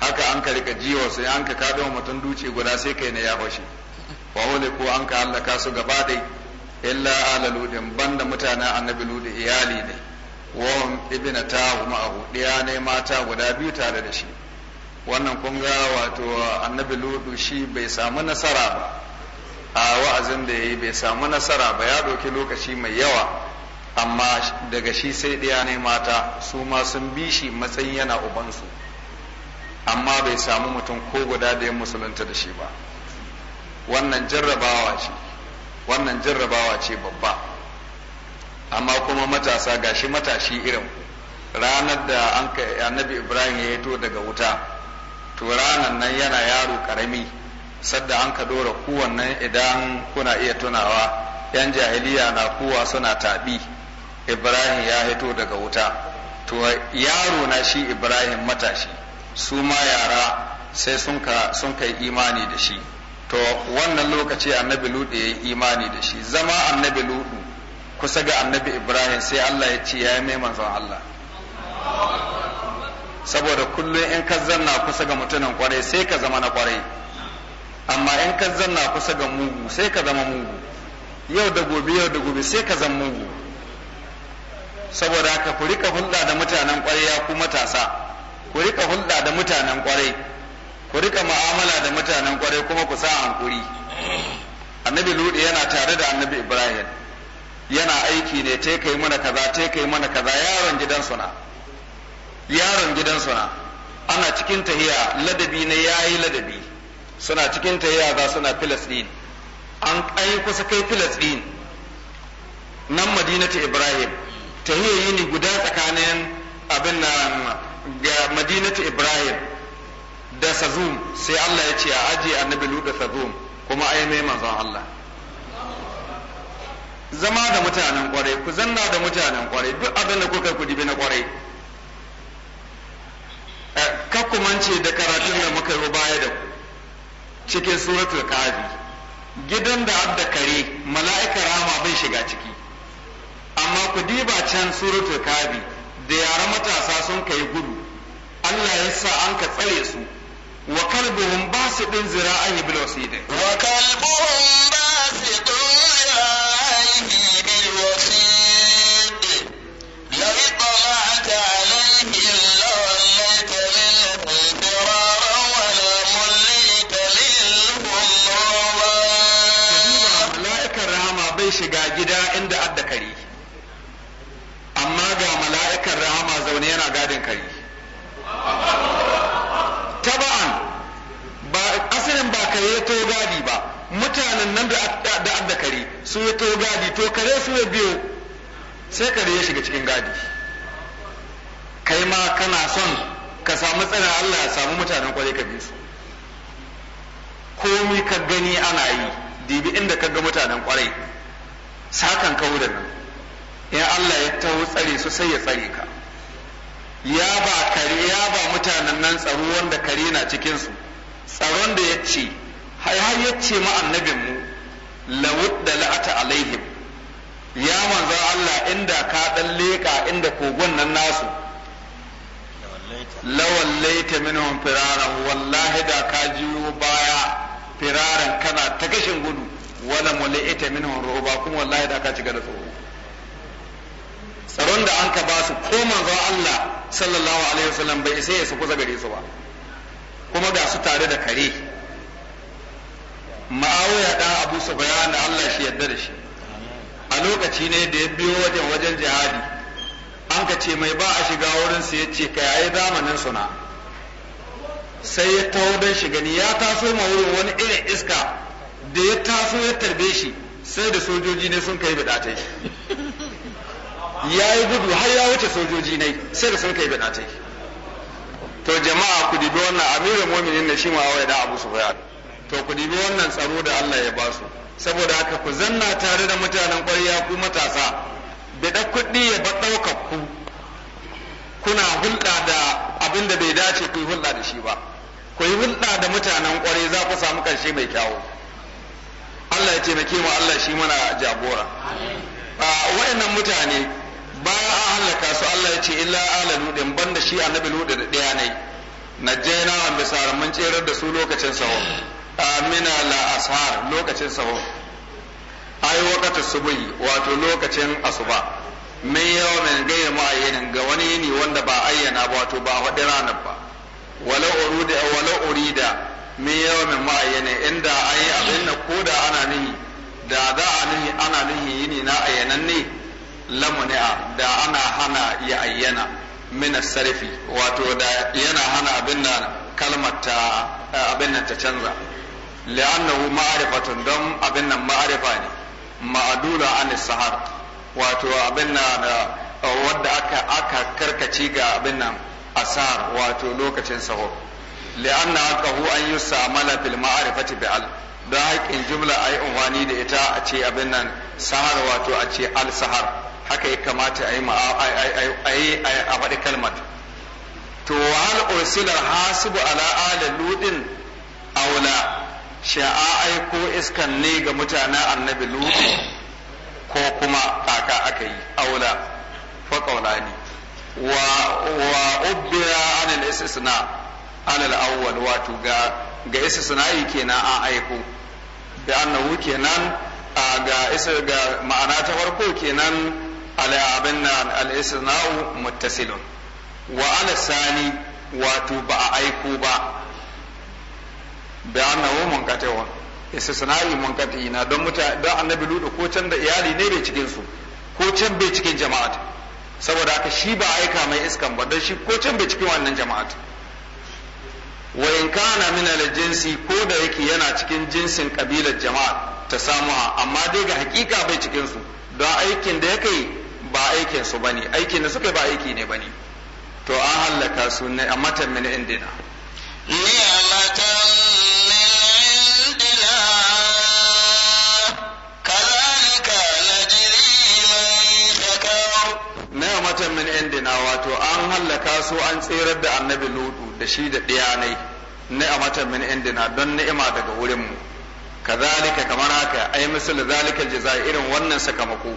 haka an ka rika jiwa sai an ka kaɗo mutum duce guda sai kai na ya bashi wa hole ko an ka hallaka su gaba dai illa ala ludin banda mutanen annabi ludin iyali ne wa ibnatahu ma'ahu ɗaya ne mata guda biyu tare da shi wannan kun ga wato annabi ludu shi bai samu nasara ba a wa'azin da ya yi bai samu nasara ba ya ɗauki lokaci mai yawa amma daga shi sai ɗaya ne mata su ma sun bi shi matsayin yana ubansu amma bai samu mutum ko guda da ya musulunta da shi ba wannan jarrabawa ce wannan jarrabawa ce babba amma kuma matasa gashi matashi irin ranar da annabi ibrahim ya to daga wuta to ranan nan yana yaro karami sadda an ka dora kowanne idan kuna iya tunawa yan jahiliya na kowa suna taɓi ibrahim ya hito daga wuta to yaro na shi ibrahim matashi su ma yara sai sun kai imani da shi to wannan lokaci annabi ludu ya yi imani da shi zama annabi ludu kusa ga annabi ibrahim sai allah ya ce ya yi mai manzon allah saboda kullum in ka zanna kusa ga mutumin kwarai sai ka zama na kwarai amma in ka zanna kusa ga mugu sai ka zama mugu yau da gobe yau da gobe sai ka zama mugu saboda ka kurika hulɗa da mutanen kwarai ya ku matasa ku hulɗa da mutanen kwarai ku rika mu'amala da mutanen kwarai kuma ku sa hankuri annabi ludi yana tare da annabi ibrahim yana aiki ne ta kai mana kaza ta kai mana kaza yaron gidansu na yaron gidansa na ana cikin tahiya ladabi na yayi ladabi suna cikin tahiya za suna din. an kai kusa kai filas din nan madinatu ibrahim tahiya yini guda tsakanin abin na ga madinatu ibrahim da sazum sai allah ya ce a ajiye annabi lu da sazum kuma ai mai manzon allah zama da mutanen kwarai ku zanna da mutanen kwarai duk abin da kuka ku dibi na kwarai Eh, kakumance da karatun da muka yi baya da ku cikin suratul kabi, gidan da abda kare mala'ika rama bai shiga ciki amma ku diba can suratul kabi da yara matasa sun kai gudu Allah ya sa an ka tsare su wa kalbuhum basidun zira'ihi bil wasida wa kalbuhum basidun zira'ihi bil wasida la itama'ta bin kai taba'an ba asirin ba kare ya to gadi ba mutanen nan da da kare su ya to gadi to kare su ya biyo sai kare ya shiga cikin gadi kai ma kana son ka samu tsana Allah ya samu mutanen kwarai ka su komi ka gani ana yi dibi inda ka ga mutanen kwarai sakan kawo da nan in Allah ya taho tsare su sai ya tsare ka ya ba kare ya ba mutanen nan tsaro wanda kare na cikin su tsaron da yace ce har yace ma annabin mu lawud da la'ata alaihim ya manzo Allah inda ka dan leka inda kogon nan nasu lawallaita minhum firara wallahi da ka jiyo baya firaran kana ta gashin gudu wala mula'ita minhum ruba kuma wallahi da ka ci da tsoro tsaron da an ka ba su ko manzon Allah sallallahu alaihi wasallam bai isa ya su kusa gare su ba kuma ga su tare da kare ma'awiya da Abu Sufyan da Allah shi yarda da shi a lokaci ne da ya biyo wajen wajen jihadi an ka ce mai ba a shiga wurin sa yace ka yayi zamanin suna sai ya taho don shi gani ya taso ma wurin wani irin iska da ya taso ya tarbe shi sai da sojoji ne sun kai bidatai ya yi gudu har ya wuce sojoji ne sai da sun kai bida ta to jama'a ku dibi wannan amirin mominin ne shi ma'awai da abu sufyan to ku dibi wannan tsaro da Allah ya basu saboda haka ku zanna tare da mutanen ƙwarya ku matasa bida kuɗi ya ba ɗaukar ku kuna hulɗa da abin da bai dace ku yi hulɗa da shi ba ku yi hulɗa da mutanen ƙwarai za ku samu ƙarshe mai kyawu Allah ya taimake mu Allah shi mana jagora ah, Wa'annan mutane bayan an halaka su Allah ya ce illa ala ludin banda shi annabi ludin da daya ne jena wa bisaran mun tserar da su lokacin sawo amina la ashar lokacin sawo ai wakatu subuhi wato lokacin asuba min yawmin ghayr mu'ayyanin ga wani yini wanda ba ayyana ba wato ba faɗi ranar ba wala urida wala urida min yawmin mu'ayyanin inda ai abin ko da ana nihi da za a nihi ana nihi yini na ayyanan ne lamuni'a da ana hana ya ayyana min sarfi wato da yana hana abin da kalmar ta abin nan ta canza li'annahu ma'rifatun don abin nan ma'arifa ne ma'adula an sahar wato abin nan wanda aka aka karkaci ga abin nan asar wato lokacin sahur li'anna aqahu an yusamala fil ma'arifati bi al da haƙƙin jumla a yi da ita a ce abin nan sahar wato a ce al sahar haka ya kamata a yi a faɗi kalmar to hal ursilar hasibu ala ala ludin aula sha'a aiko iskan ne ga mutanen annabi ludin ko kuma kaka aka yi aula fa qaulani wa wa ubbira anil istisna alal awwal wato ga ga istisna'i kenan an aiko da annahu kenan ga isa ga ma'ana ta farko kenan على abin nan al-isna'u sani wato ba a aiko ba bi annahu munqati'un istisna'i munqati na don muta don annabi ludu ko can iyali ne bai cikin su ko can bai cikin jama'at saboda haka shi ba aika mai iskan ba don shi ko can cikin wannan jama'at wa in kana min al-jinsi ko da yake yana cikin jinsin kabilar jama'a ta samuha amma dai ga hakika bai cikin don aikin da ya ba aikin su bane aikin da suka ba aiki ne bane to an halaka su ne a matan min indina ni'matan min indina kadhalika najri man shakar ni'matan min indina wato an halaka su an tsirar da annabi ludu da shi da diyanai ni'matan min indina don ni'ima daga wurin mu kazalika kamar haka ai misal zalika jazaa irin wannan sakamako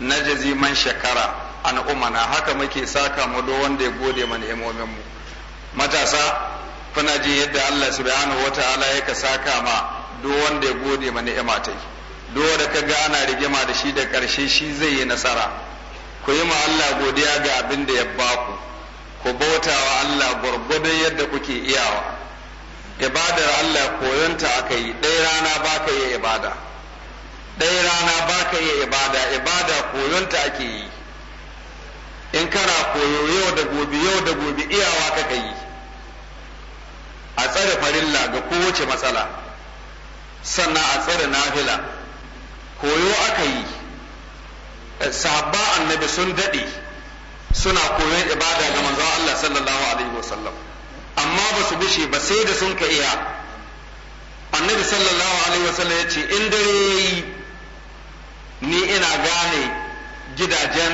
na man shekara an umana haka muke saka mu do wanda ya gode mana imomin mu matasa kuna ji yadda Allah subhanahu wataala yaka saka ma do wanda ya gode mana ni'ima tai do da kaga ana rigima da shi da karshe shi zai yi nasara ku yi ma Allah godiya ga abin da ya baku ku bauta wa Allah gwargwadon yadda kuke iyawa ibadar Allah koyonta aka yi ɗaya rana ba ka yi ibada ɗaya rana ba ka koyonta ake yi in kana koyo yau da gobe yau da gobe iyawa kaka yi a tsare farilla ga kowace matsala sannan a tsare nafila koyo aka yi sahabba annabi sun daɗe suna koyon ibada ga manzo Allah sallallahu alaihi wasallam amma ba su gushe ba sai da sun ka iya annabi sallallahu alaihi wasallam ya ce in dare ni ina gane gidajen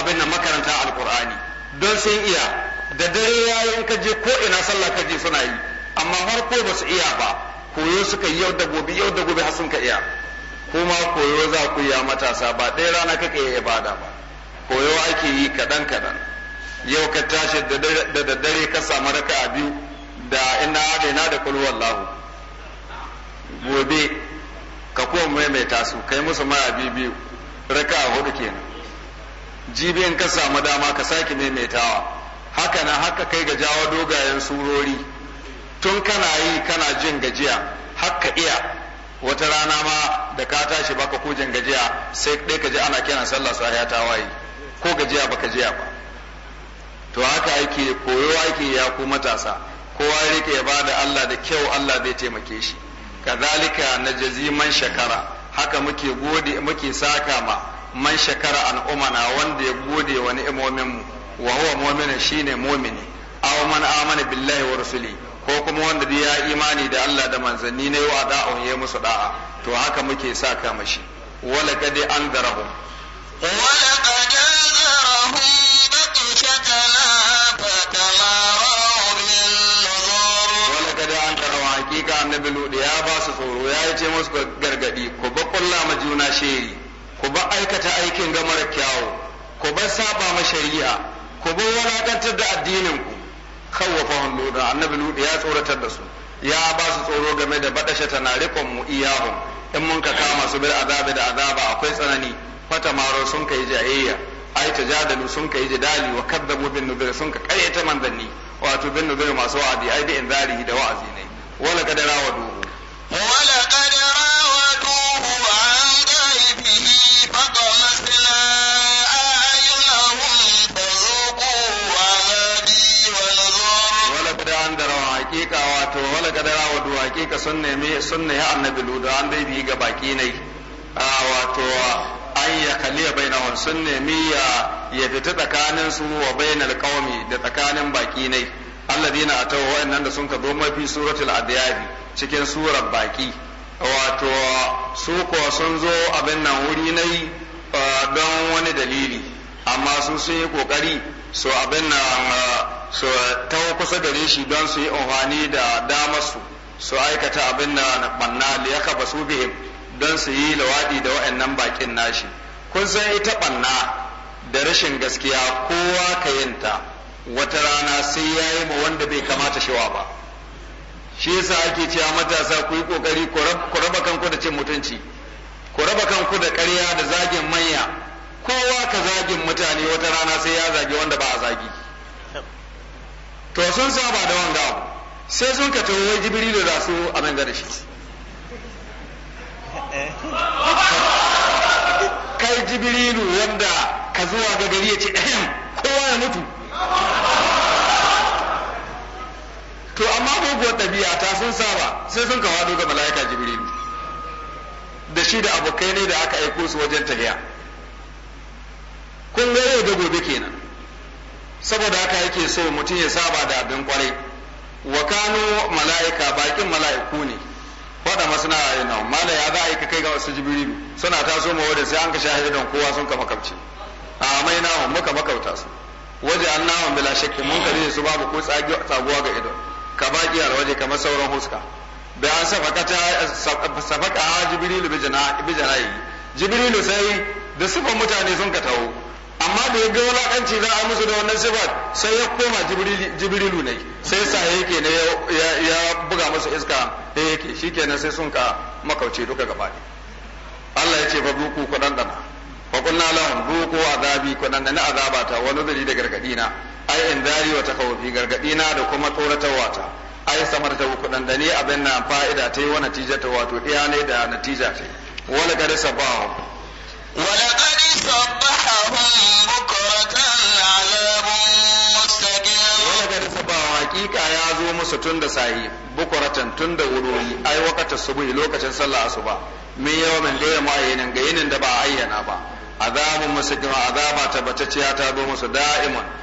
abin da makaranta alkur'ani don sun iya da dare ya yi ka je ko ina sallah ka je suna yi amma harko ba su iya ba koyo suka yi yau da gobe yau da gobe har sun ka iya kuma koyo za ku yi matasa ba ɗaya rana kake yi ibada ba koyo ake yi kaɗan kaɗan yau ka tashi da daddare ka samu raka a biyu da ina da ina da kulhu wallahu gobe ka kuma maimaita su kai musu mara biyu raka a hudu kenan jibi in ka samu dama ka sake maimaitawa haka na haka kai ga jawo dogayen surori tun kana yi kana jin gajiya haka iya wata rana ma da ka tashi baka ko jin gajiya sai dai ka ji ana kiran sallah sahiya ta waye ko gajiya baka jiya ba to haka yake koyo yake ya ku matasa kowa rike ya bada Allah da kyau Allah zai taimake shi kazalika na jaziman shakara haka muke gode muke saka ma man shakara an umana wanda ya gode wani imomin mu wa huwa mu'minin shine mu'mini aw man amana billahi wa rasuli ko kuma wanda ya imani da Allah da manzanni ne wa on ya musu da'a to haka muke sa ka mashi wala kadi an darahum wala kadi annabi ludi ya ba su tsoro ya yi ce musu gargadi ko ba kullama juna shiri ku ba aikata aikin ga mara kyawu ku bar saba ma shari'a ku bar walakantar da addinin ku khawwafahum da annabi ludu ya tsoratar da su ya ba su tsoro game da badasha tana mu iyahun. in mun ka kama su bil azabi da azaba akwai tsanani fata maro sun kai jayayya ai tajadalu sun kai jidali wa kadzabu bin nubir sun ka karyata manzanni wato bin nubir masu wa'azi ai bi inzarihi da wa'azi ne wala kadara wa duhu hakika sun nemi sun nemi annabi luda an dai bi ga baki ne wato an ya bai bainahum sun nemi ya ya fita tsakanin su wa na qaumi da tsakanin baki ne alladina atawu wa'annan da sun ka zo mafi suratul adiyab cikin surar baki wato su ko sun zo abin nan wuri na yi don wani dalili amma su sun yi kokari su abin nan su ta kusa gare shi don su yi amfani da damarsu su aikata abin nan banna da ya su bihim don su yi lawadi da wa'annan bakin nashi kun san ita banna da rashin gaskiya kowa ka yinta wata rana sai ya yi ma wanda bai kamata shiwa ba shi yasa ake cewa matasa ku yi kokari ku raba kanku da cin mutunci ku raba kanku da ƙarya da zagin manya kowa ka zagin mutane wata rana sai ya zagi wanda ba a zagi to sun saba da wanda abu sai sun ka tawo wai jibrilu da su a nan da shi kai jibrilu wanda ka zuwa ga gari ya ce kowa ya mutu to amma muguwar ɗabi'a ta sun saba sai sun kawo ga mala'ika jibrilu da shi da abokai ne da aka aiko su wajen tahiya kun ga yau da gobe kenan saboda haka yake so mutum ya saba da abin kwarai wa kano mala'ika bakin mala'iku ne faɗa masana a yana mala ya za a yi kai ga wasu jibrilu suna taso ma wadda sai an ka don kowa sun ka makamci a mai nawa muka makauta su waje an nawa bila shakki mun kare su babu ko tsaguwa ga ido. ka baki a waje kamar sauran huska bai an safaka a jibirilu bi janayi jibirilu sai da sifan mutane sun ka taho amma da ya ga wulakanci za a musu da wannan sifat sai ya koma jibirilu ne sai sa yake ne ya buga musu iska da yake kenan sai sun ka makauce duka gaba Allah ya ce fa buku ku dana fa kunna lahum buku azabi ku dandana azabata wani nuzuri da gargadi na ai in dari wa takawufi gargadi na da kuma tsoratarwa ta ai samar ta kudan da abin na fa'ida ta yi wa natija ta wato iya ne da natija ta wala gari sabahu wala gari sabahu bukratan alabun mustaqim wala gari sabahu hakika ya zo musu tun da sahi bukratan tun da wurori ai wakatar subuhi lokacin sallah asuba min yawmin da yamma yayin ga yinin da ba a ayyana ba azabun mustaqim azaba tabbatacciya ta zo musu da'iman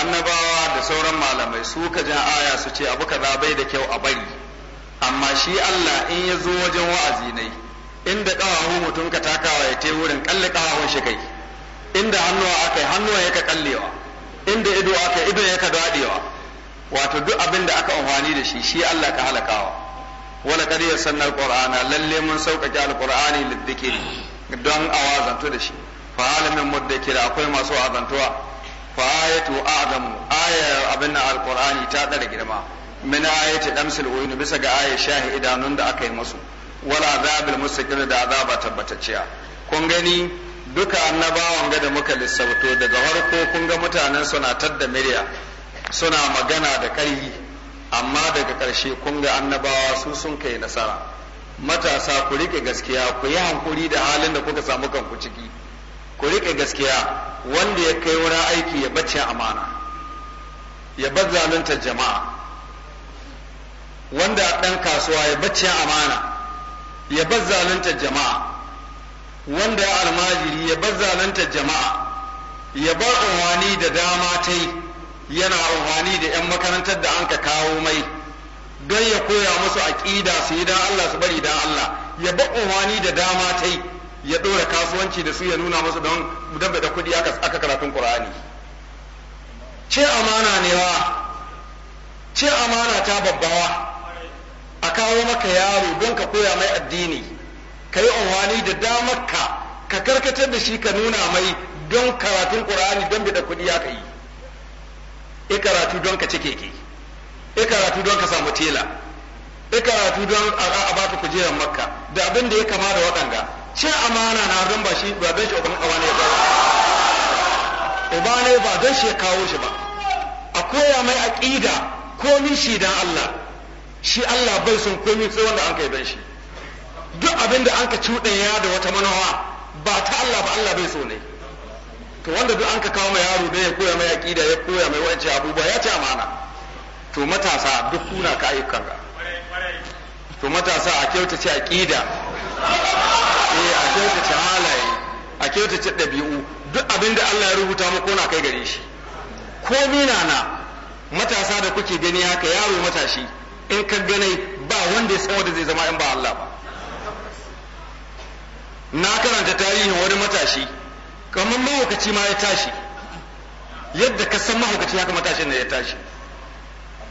annabawa da sauran malamai su ka jan aya su ce abu kaza bai da kyau a bari amma shi Allah in ya zo wajen wa'azi ne inda kawahu mutum ka takawa ya te wurin kalli ƙawahun shi kai inda hannuwa aka hannuwa ya ka kallewa inda ido aka ido ya ka dadewa wato duk abin da aka amfani da shi shi Allah ka halakawa wala kad yasanna alqur'ana lalle mun sauƙaƙe alqur'ani lidhikri don awazanto da shi fa alamin muddakira akwai masu azantuwa fa ayatu a'zam ayar abin nan alqur'ani ta dara girma min ayati damsil uyun bisa ga ayar shahi idanun da aka yi musu Wala azabil mustaqir da azaba tabbatacciya kun gani duka annabawan ga da muka lissauto daga harko kun ga mutanen suna tadda murya suna magana da ƙarfi amma daga ƙarshe kun ga annabawa su sun kai nasara matasa ku riƙe gaskiya ku yi hankuri da halin da kuka samu kanku ciki ku riƙe gaskiya wanda ya kai wurin aiki ya bace amana ya bar zalunta jama'a wanda ɗan kasuwa ya bace amana ya bar zalunta jama'a wanda ya almajiri ya bar zalunta jama'a ya bar unwani da dama ta yi, yana unwani da 'yan makarantar da an ka kawo mai don ya koya musu aƙida su yi don Allah su bari don Allah ya bar unwani da dama ta yi. ya ɗora kasuwanci da su ya nuna musu don dabba da kuɗi aka karatun ƙur'ani ce amana ne wa ce amana ta babbawa a kawo maka yaro don ka koya mai addini ka yi unwani da damar ka ka karkatar da shi ka nuna mai don karatun ƙur'ani don da kuɗi aka yi e karatu don ka ci keke e karatu don ka samu tela e karatu don a baka kujerar makka da abin da ya kama da waɗanga cin amana na don ba shi ba gan shi uban uba ne ba uba ne ba gan shi ya kawo shi ba a koya mai aƙida komi shi dan Allah shi Allah bai son komi sai wanda an kai don shi duk abin da an ka cuɗanya da wata manawa ba ta Allah ba Allah bai so ne to wanda duk an ka kawo mai yaro da ya koya mai aƙida ya koya mai wancan abubuwa ya ci amana to matasa duk kuna ka ayyukan to matasa a kyautace aƙida eh a kyautace halaye a kyautace ɗabi'u duk abin da Allah ya rubuta mu na kai gare shi ko mina na matasa da kuke gani haka yaro matashi in ka ganai ba wanda ya san wanda zai zama in ba Allah ba na karanta tarihin wani matashi kamar mahaukaci ma ya tashi yadda ka san mahaukaci haka matashin ne ya tashi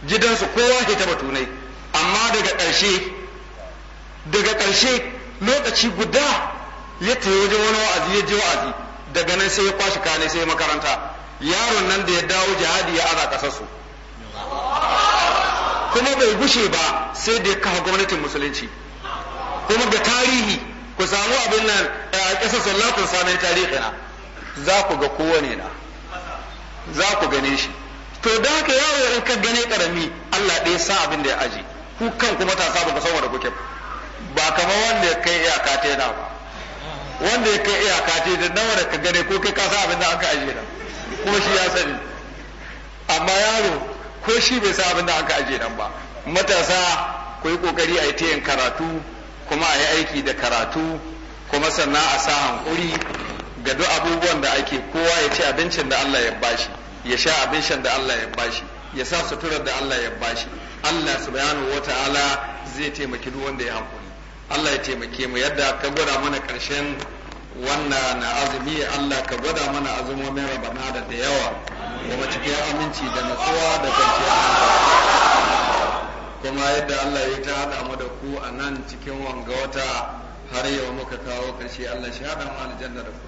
gidansu kowa ke taba tunai amma daga ƙarshe daga ƙarshe lokaci guda ya tayi wajen wani wa'azi ya je wa'azi daga nan sai ya kwashi kane sai makaranta yaron nan da ya dawo jihadi ya aza kasar su kuma bai gushe ba sai da ya kafa gwamnatin musulunci kuma ga tarihi ku samu abin nan a ƙasar sallatun samun tarihi na za ku ga kowane na za ku gane shi to da haka yaro in ka gane karami Allah ɗaya sa abin da ya aji ku kan kuma matasa ba ku san da kuke ba kamar wanda ya kai iyaka ta yana ba wanda ya kai iyaka ta da nawa da ka gane ko kai ka san abin da aka aje nan kuma shi ya sani amma yaro ko shi bai san abin da aka aje nan ba matasa ku yi kokari a yi ta yin karatu kuma a yi aiki da karatu kuma sannan a sa hankuri ga duk abubuwan da ake kowa ya ci abincin da Allah ya bashi ya sha abincin da Allah ya bashi ya sa suturar da Allah ya bashi Allah subhanahu wata'ala zai taimaki duk wanda ya hankuri Allah ya taimake mu yadda ka gwada mana ƙarshen wannan na azumi Allah ka gwada mana azumomin rabana da da yawa kuma cikin aminci da nutsuwa da kwanciyar kuma yadda Allah ya ta hada mu da ku a nan cikin wanga wata har yau muka kawo ƙarshe Allah shi hada mu aljanna da ku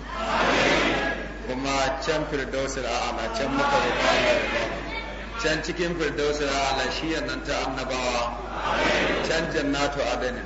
kuma can firdausul a'ala can muka roƙa Allah can cikin firdausul a'ala shi yannan ta annabawa can jannatu adanin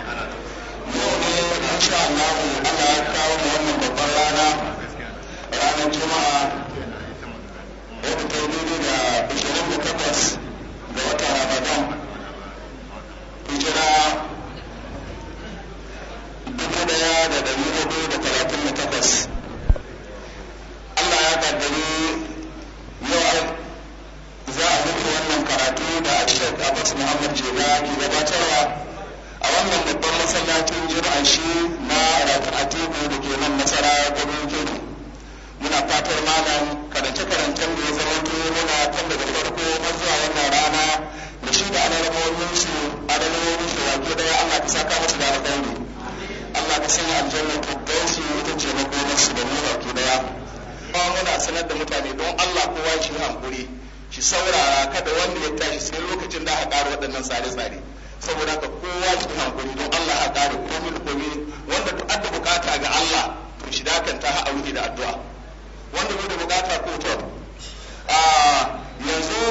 insha Allah Allah ya kawo mu wannan babban rana ranar Juma'a wadda ta yi da ishirin da takwas ga wata Ramadan hijira dubu daya da dari hudu da talatin da takwas Allah ya kaddari yau za a rufe wannan karatu da a Sheikh Abbas Muhammad Jelani gabatarwa a wannan babban masallacin jira'a shi na raka'atubu da ke nan nasara gabin kenan muna fatar malam karance karancen da ya zama to muna kan daga farko har zuwa wannan rana da shi da alarmomin su alarmomin su daya Allah ka saka musu da alƙairi Allah ka sanya aljanna ta gaisu ta ce makomar su da mu wake daya kuma muna sanar da mutane don Allah kowa shi hankuri shi saurara kada wanda ya tashi sai lokacin da aka ƙara waɗannan tsare-tsare saboda ka kowa ki hankuri don Allah a kare komai komai wanda duk adda bukata ga Allah to shi dakanta a wuri da addu'a wanda bai da bukata ko to a yanzu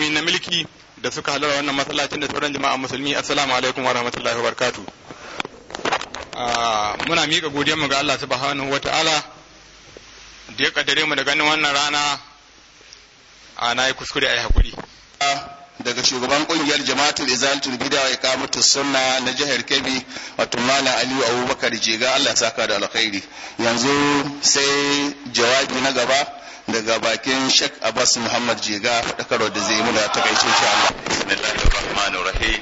hukumomi na milki da suka halara wannan masallacin da sauran jama'a musulmi assalamu alaikum wa rahmatullahi wa barakatu ah, muna miƙa godiyar mu ga Allah subhanahu wa ta'ala da ya kaddare mu da ganin wannan rana a na yi kuskure a yi hakuri daga shugaban kungiyar jama'atul izalatul bid'a wa iqamatus sunna na jihar Kebbi wato Malam Ali Abubakar Jega Allah saka da alkhairi yanzu sai jawabi na gaba daga bakin Sheikh Abbas Muhammad Jega faɗakarwa da zai muna takaice insha Allah. Bismillahir Rahmanir Rahim.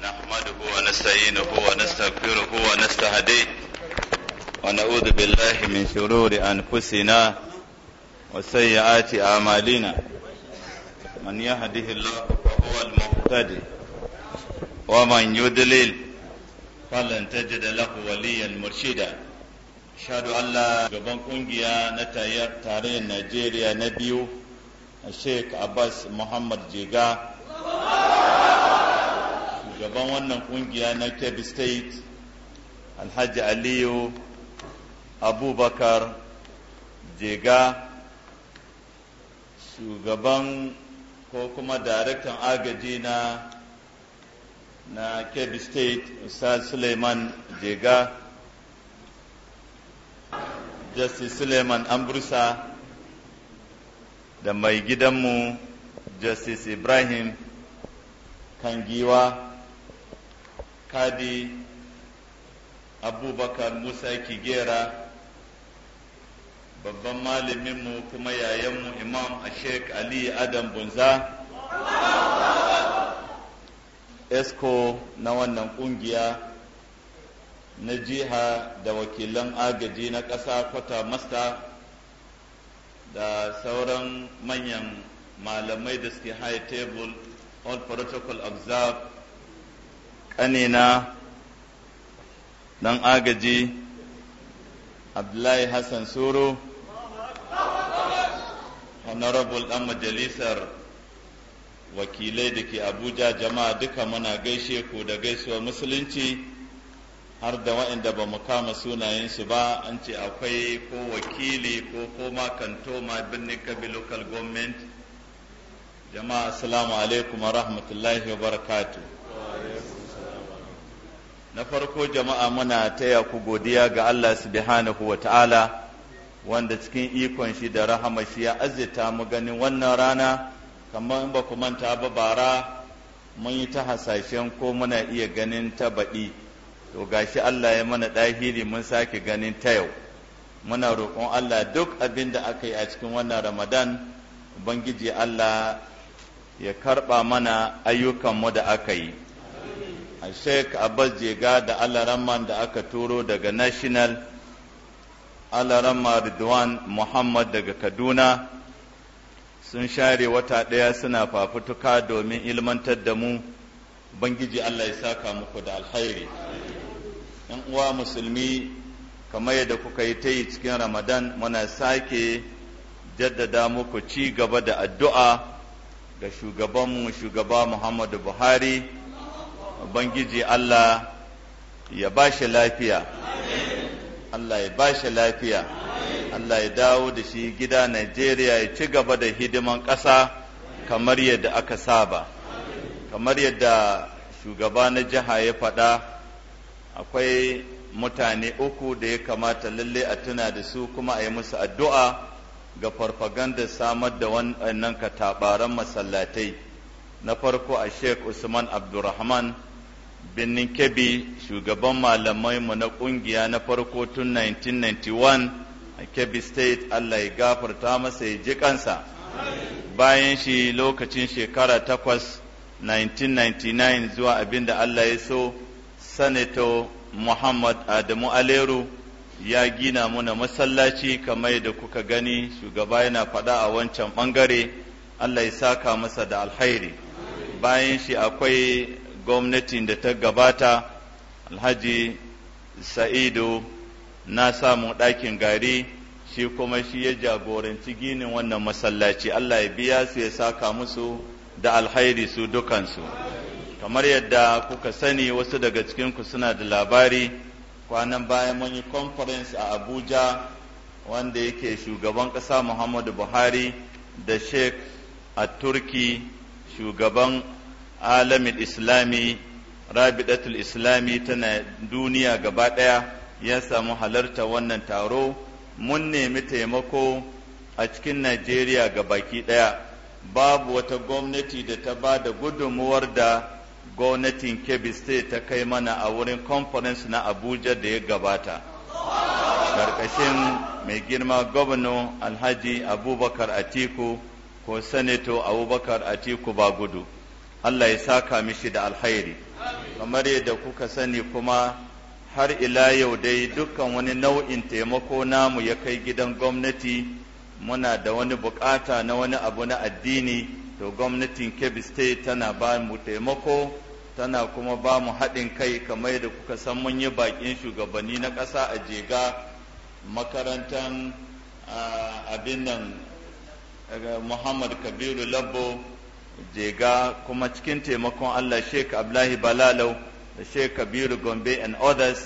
نحمده ونستعينه ونستغفره ونستهديه ونعوذ بالله من شرور أنفسنا وسيئات أعمالنا من يهده الله فهو المهتدي ومن يدلل فلن تجد له وليا مرشدا shadu Allah gaban ƙungiya na tarayyar Najeriya na biyu Sheikh Abbas Muhammad Jega gaban wannan ƙungiya na Kebbi State Alhaji Aliyu Abubakar Jega shugaban ko kuma daraktan agaji na na Kebbi State Ustaz Suleiman Jega justice suleiman ambrusa da mai gidanmu justice ibrahim kangiwa kadi abubakar musa kigera babban malaminmu kuma yayanmu imam ashek ali adam bunza esko na wannan kungiya na jiha da wakilan agaji na ƙasa kwata masta da sauran manyan malamai da suke high table all protocol observe ƙanina ɗan agaji abdullahi hassan suru honorable dan majalisar wakilai da ke abuja jama'a duka muna gaishe ku da gaisuwar musulunci har da waɗanda ba mu kama sunayensu ba an ce akwai ko wakili ko koma kanto ma birnin kabi local government jama'a assalamu alaikum wa rahmatullahi wa barakatu na farko jama'a muna taya ku godiya ga Allah subhanahu wa ta'ala wanda cikin ikon shi da rahama shi ya azita mu gani wannan rana kamar in ba ku manta ba bara mun yi ta hasashen ko muna iya ganin ta baɗi to gashi Allah ya mana ɗahiri mun sake ganin ta yau muna roƙon Allah duk abin da aka yi a cikin wannan ramadan ubangiji Allah ya karɓa mana ayyukanmu da aka yi a sheik abbas jega da alaramman da aka turo daga national alaramma ridwan muhammad daga kaduna sun share wata ɗaya suna fafutuka domin ilmantar da mu bangiji allah ya saka muku da alkhairi in uwa musulmi kamar yadda kuka yi ta yi cikin ramadan muna sake jaddada muku ci gaba da addu'a ga shugabanmu shugaba muhammadu buhari bangiji allah ya ba shi lafiya allah ya ba shi lafiya allah ya dawo da shi gida najeriya ya ci gaba da hidiman ƙasa kamar yadda aka saba kamar yadda shugaba na jiha ya faɗa akwai mutane uku da ya kamata lalle a tuna da su kuma a yi musu addu'a ga farfaganda samar da wannan katabaran masallatai na farko a sheikh usman abdurrahman birnin kebbi shugaban malamai mu na kungiya na farko tun 1991 a kebbi state allah ya gafarta masa ya ji kansa bayan shi lokacin shekara takwas 1999 zuwa abinda allah ya so sanato muhammad adamu aleru ya gina muna masallaci kamar da kuka gani shugaba yana faɗa a wancan ɓangare allah ya saka masa da alhairi bayan shi akwai gwamnatin da ta gabata alhaji sa'idu na samu ɗakin gari shi kuma shi ya jagoranci ginin wannan masallaci allah ya biya su ya saka musu da alhairi su dukansu kamar yadda kuka sani wasu daga cikinku suna da labari kwanan bayan mun yi conference a abuja wanda yake shugaban kasa muhammadu buhari da sheikh a turki shugaban alamin islami rabidatul islami tana duniya gaba daya ya samu halarta wannan taro mun nemi taimako a cikin najeriya ga baki ɗaya babu wata gwamnati da ta ba da gudunmuwar da gwamnatin kebbi state ta kai mana a wurin conference na abuja da ya gabata karkashin mai girma gwamnan alhaji abubakar atiku ko sanato abubakar atiku ba gudu allah ya saka mishi da alhairi kamar yadda kuka sani kuma har ila yau dai dukkan wani nau'in taimako namu ya kai gidan gwamnati muna da wani bukata na wani abu na addini to gwamnatin kebbi state tana ba mu taimako tana kuma ba mu haɗin kai kamar da kuka san mun yi bakin shugabanni na ƙasa a jega makarantar abin nan muhammad kabiru labo jega kuma cikin taimakon allah sheik ablahi balalau da sheik kabiru gombe and others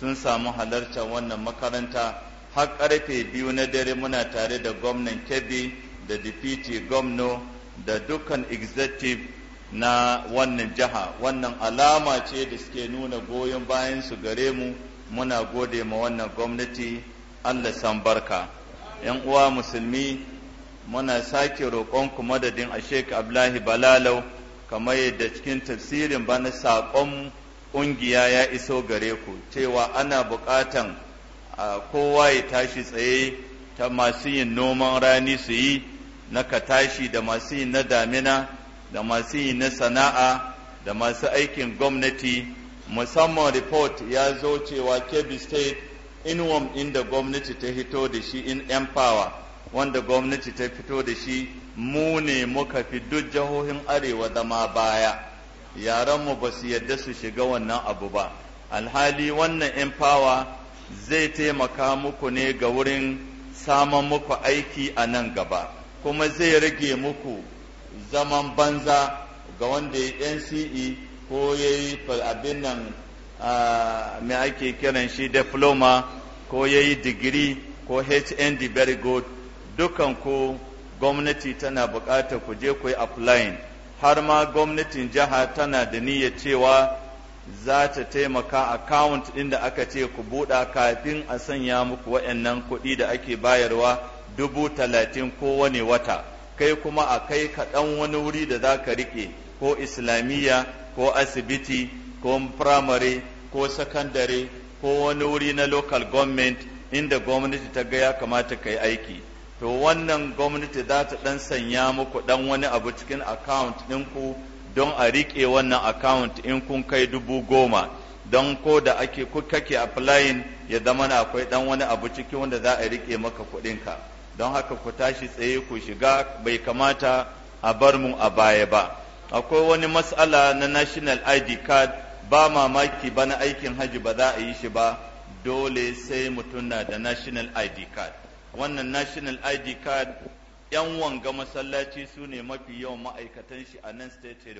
sun samu halarta wannan makaranta har karfe biyu na dare muna tare da gwamnan kebbi da deputy gwamno da dukkan executive na wannan jiha wannan alama ce da suke nuna goyon bayan su gare mu muna gode ma wannan gwamnati Allah san barka yan uwa musulmi muna sake roƙon ku madadin a Sheikh ablahi Balalau kamar yadda cikin tafsirin bana saƙon ƙungiya ya iso gare ku cewa ana buƙatan kowa ya tashi tsaye ta masu yin noman rani su yi na ka tashi da masu yin na damina da masu yi na sana'a da masu aikin gwamnati musamman report ya zo cewa kebbi state inwom inda gwamnati ta hito da shi in empower wanda gwamnati ta fito da shi mu ne muka fi duk jihohin arewa zama baya yaranmu ba su yadda su shiga wannan abu ba alhali wannan empower zai taimaka muku ne ga wurin saman muku aiki a nan gaba kuma zai rage muku zaman banza ga wanda ya nce ko ya yi abin nan me ake kiran shi diploma ko ya yi digiri ko hnd very good dukan ku gwamnati tana bukata ku je ku yi applying har ma gwamnatin jiha tana da niyyar cewa za ta taimaka account ɗin da aka ce ku buɗa kafin a sanya muku waɗannan kuɗi da ake bayarwa dubu talatin kowane wata kai kuma a kai ka ɗan wani wuri da za ka riƙe ko islamiyya ko asibiti ko firamare ko sakandare ko wani wuri na local government inda gwamnati ta ga ya kamata ka yi aiki to wannan gwamnati za ta ɗan sanya muku ɗan wani abu cikin account ɗinku don a riƙe wannan account in kun kai dubu goma don ko da ake kake applying ya zama na akwai ɗan wani abu cikin wanda za a riƙe maka kuɗinka. don haka ku tashi tsaye ku shiga bai kamata a bar mu a baya ba akwai wani matsala na national id card ba mamaki ba na aikin hajji ba za a yi shi ba dole sai mutum na da national id card wannan national id card yan wanga masallaci su ne mafi yawan ma'aikatan shi a nan state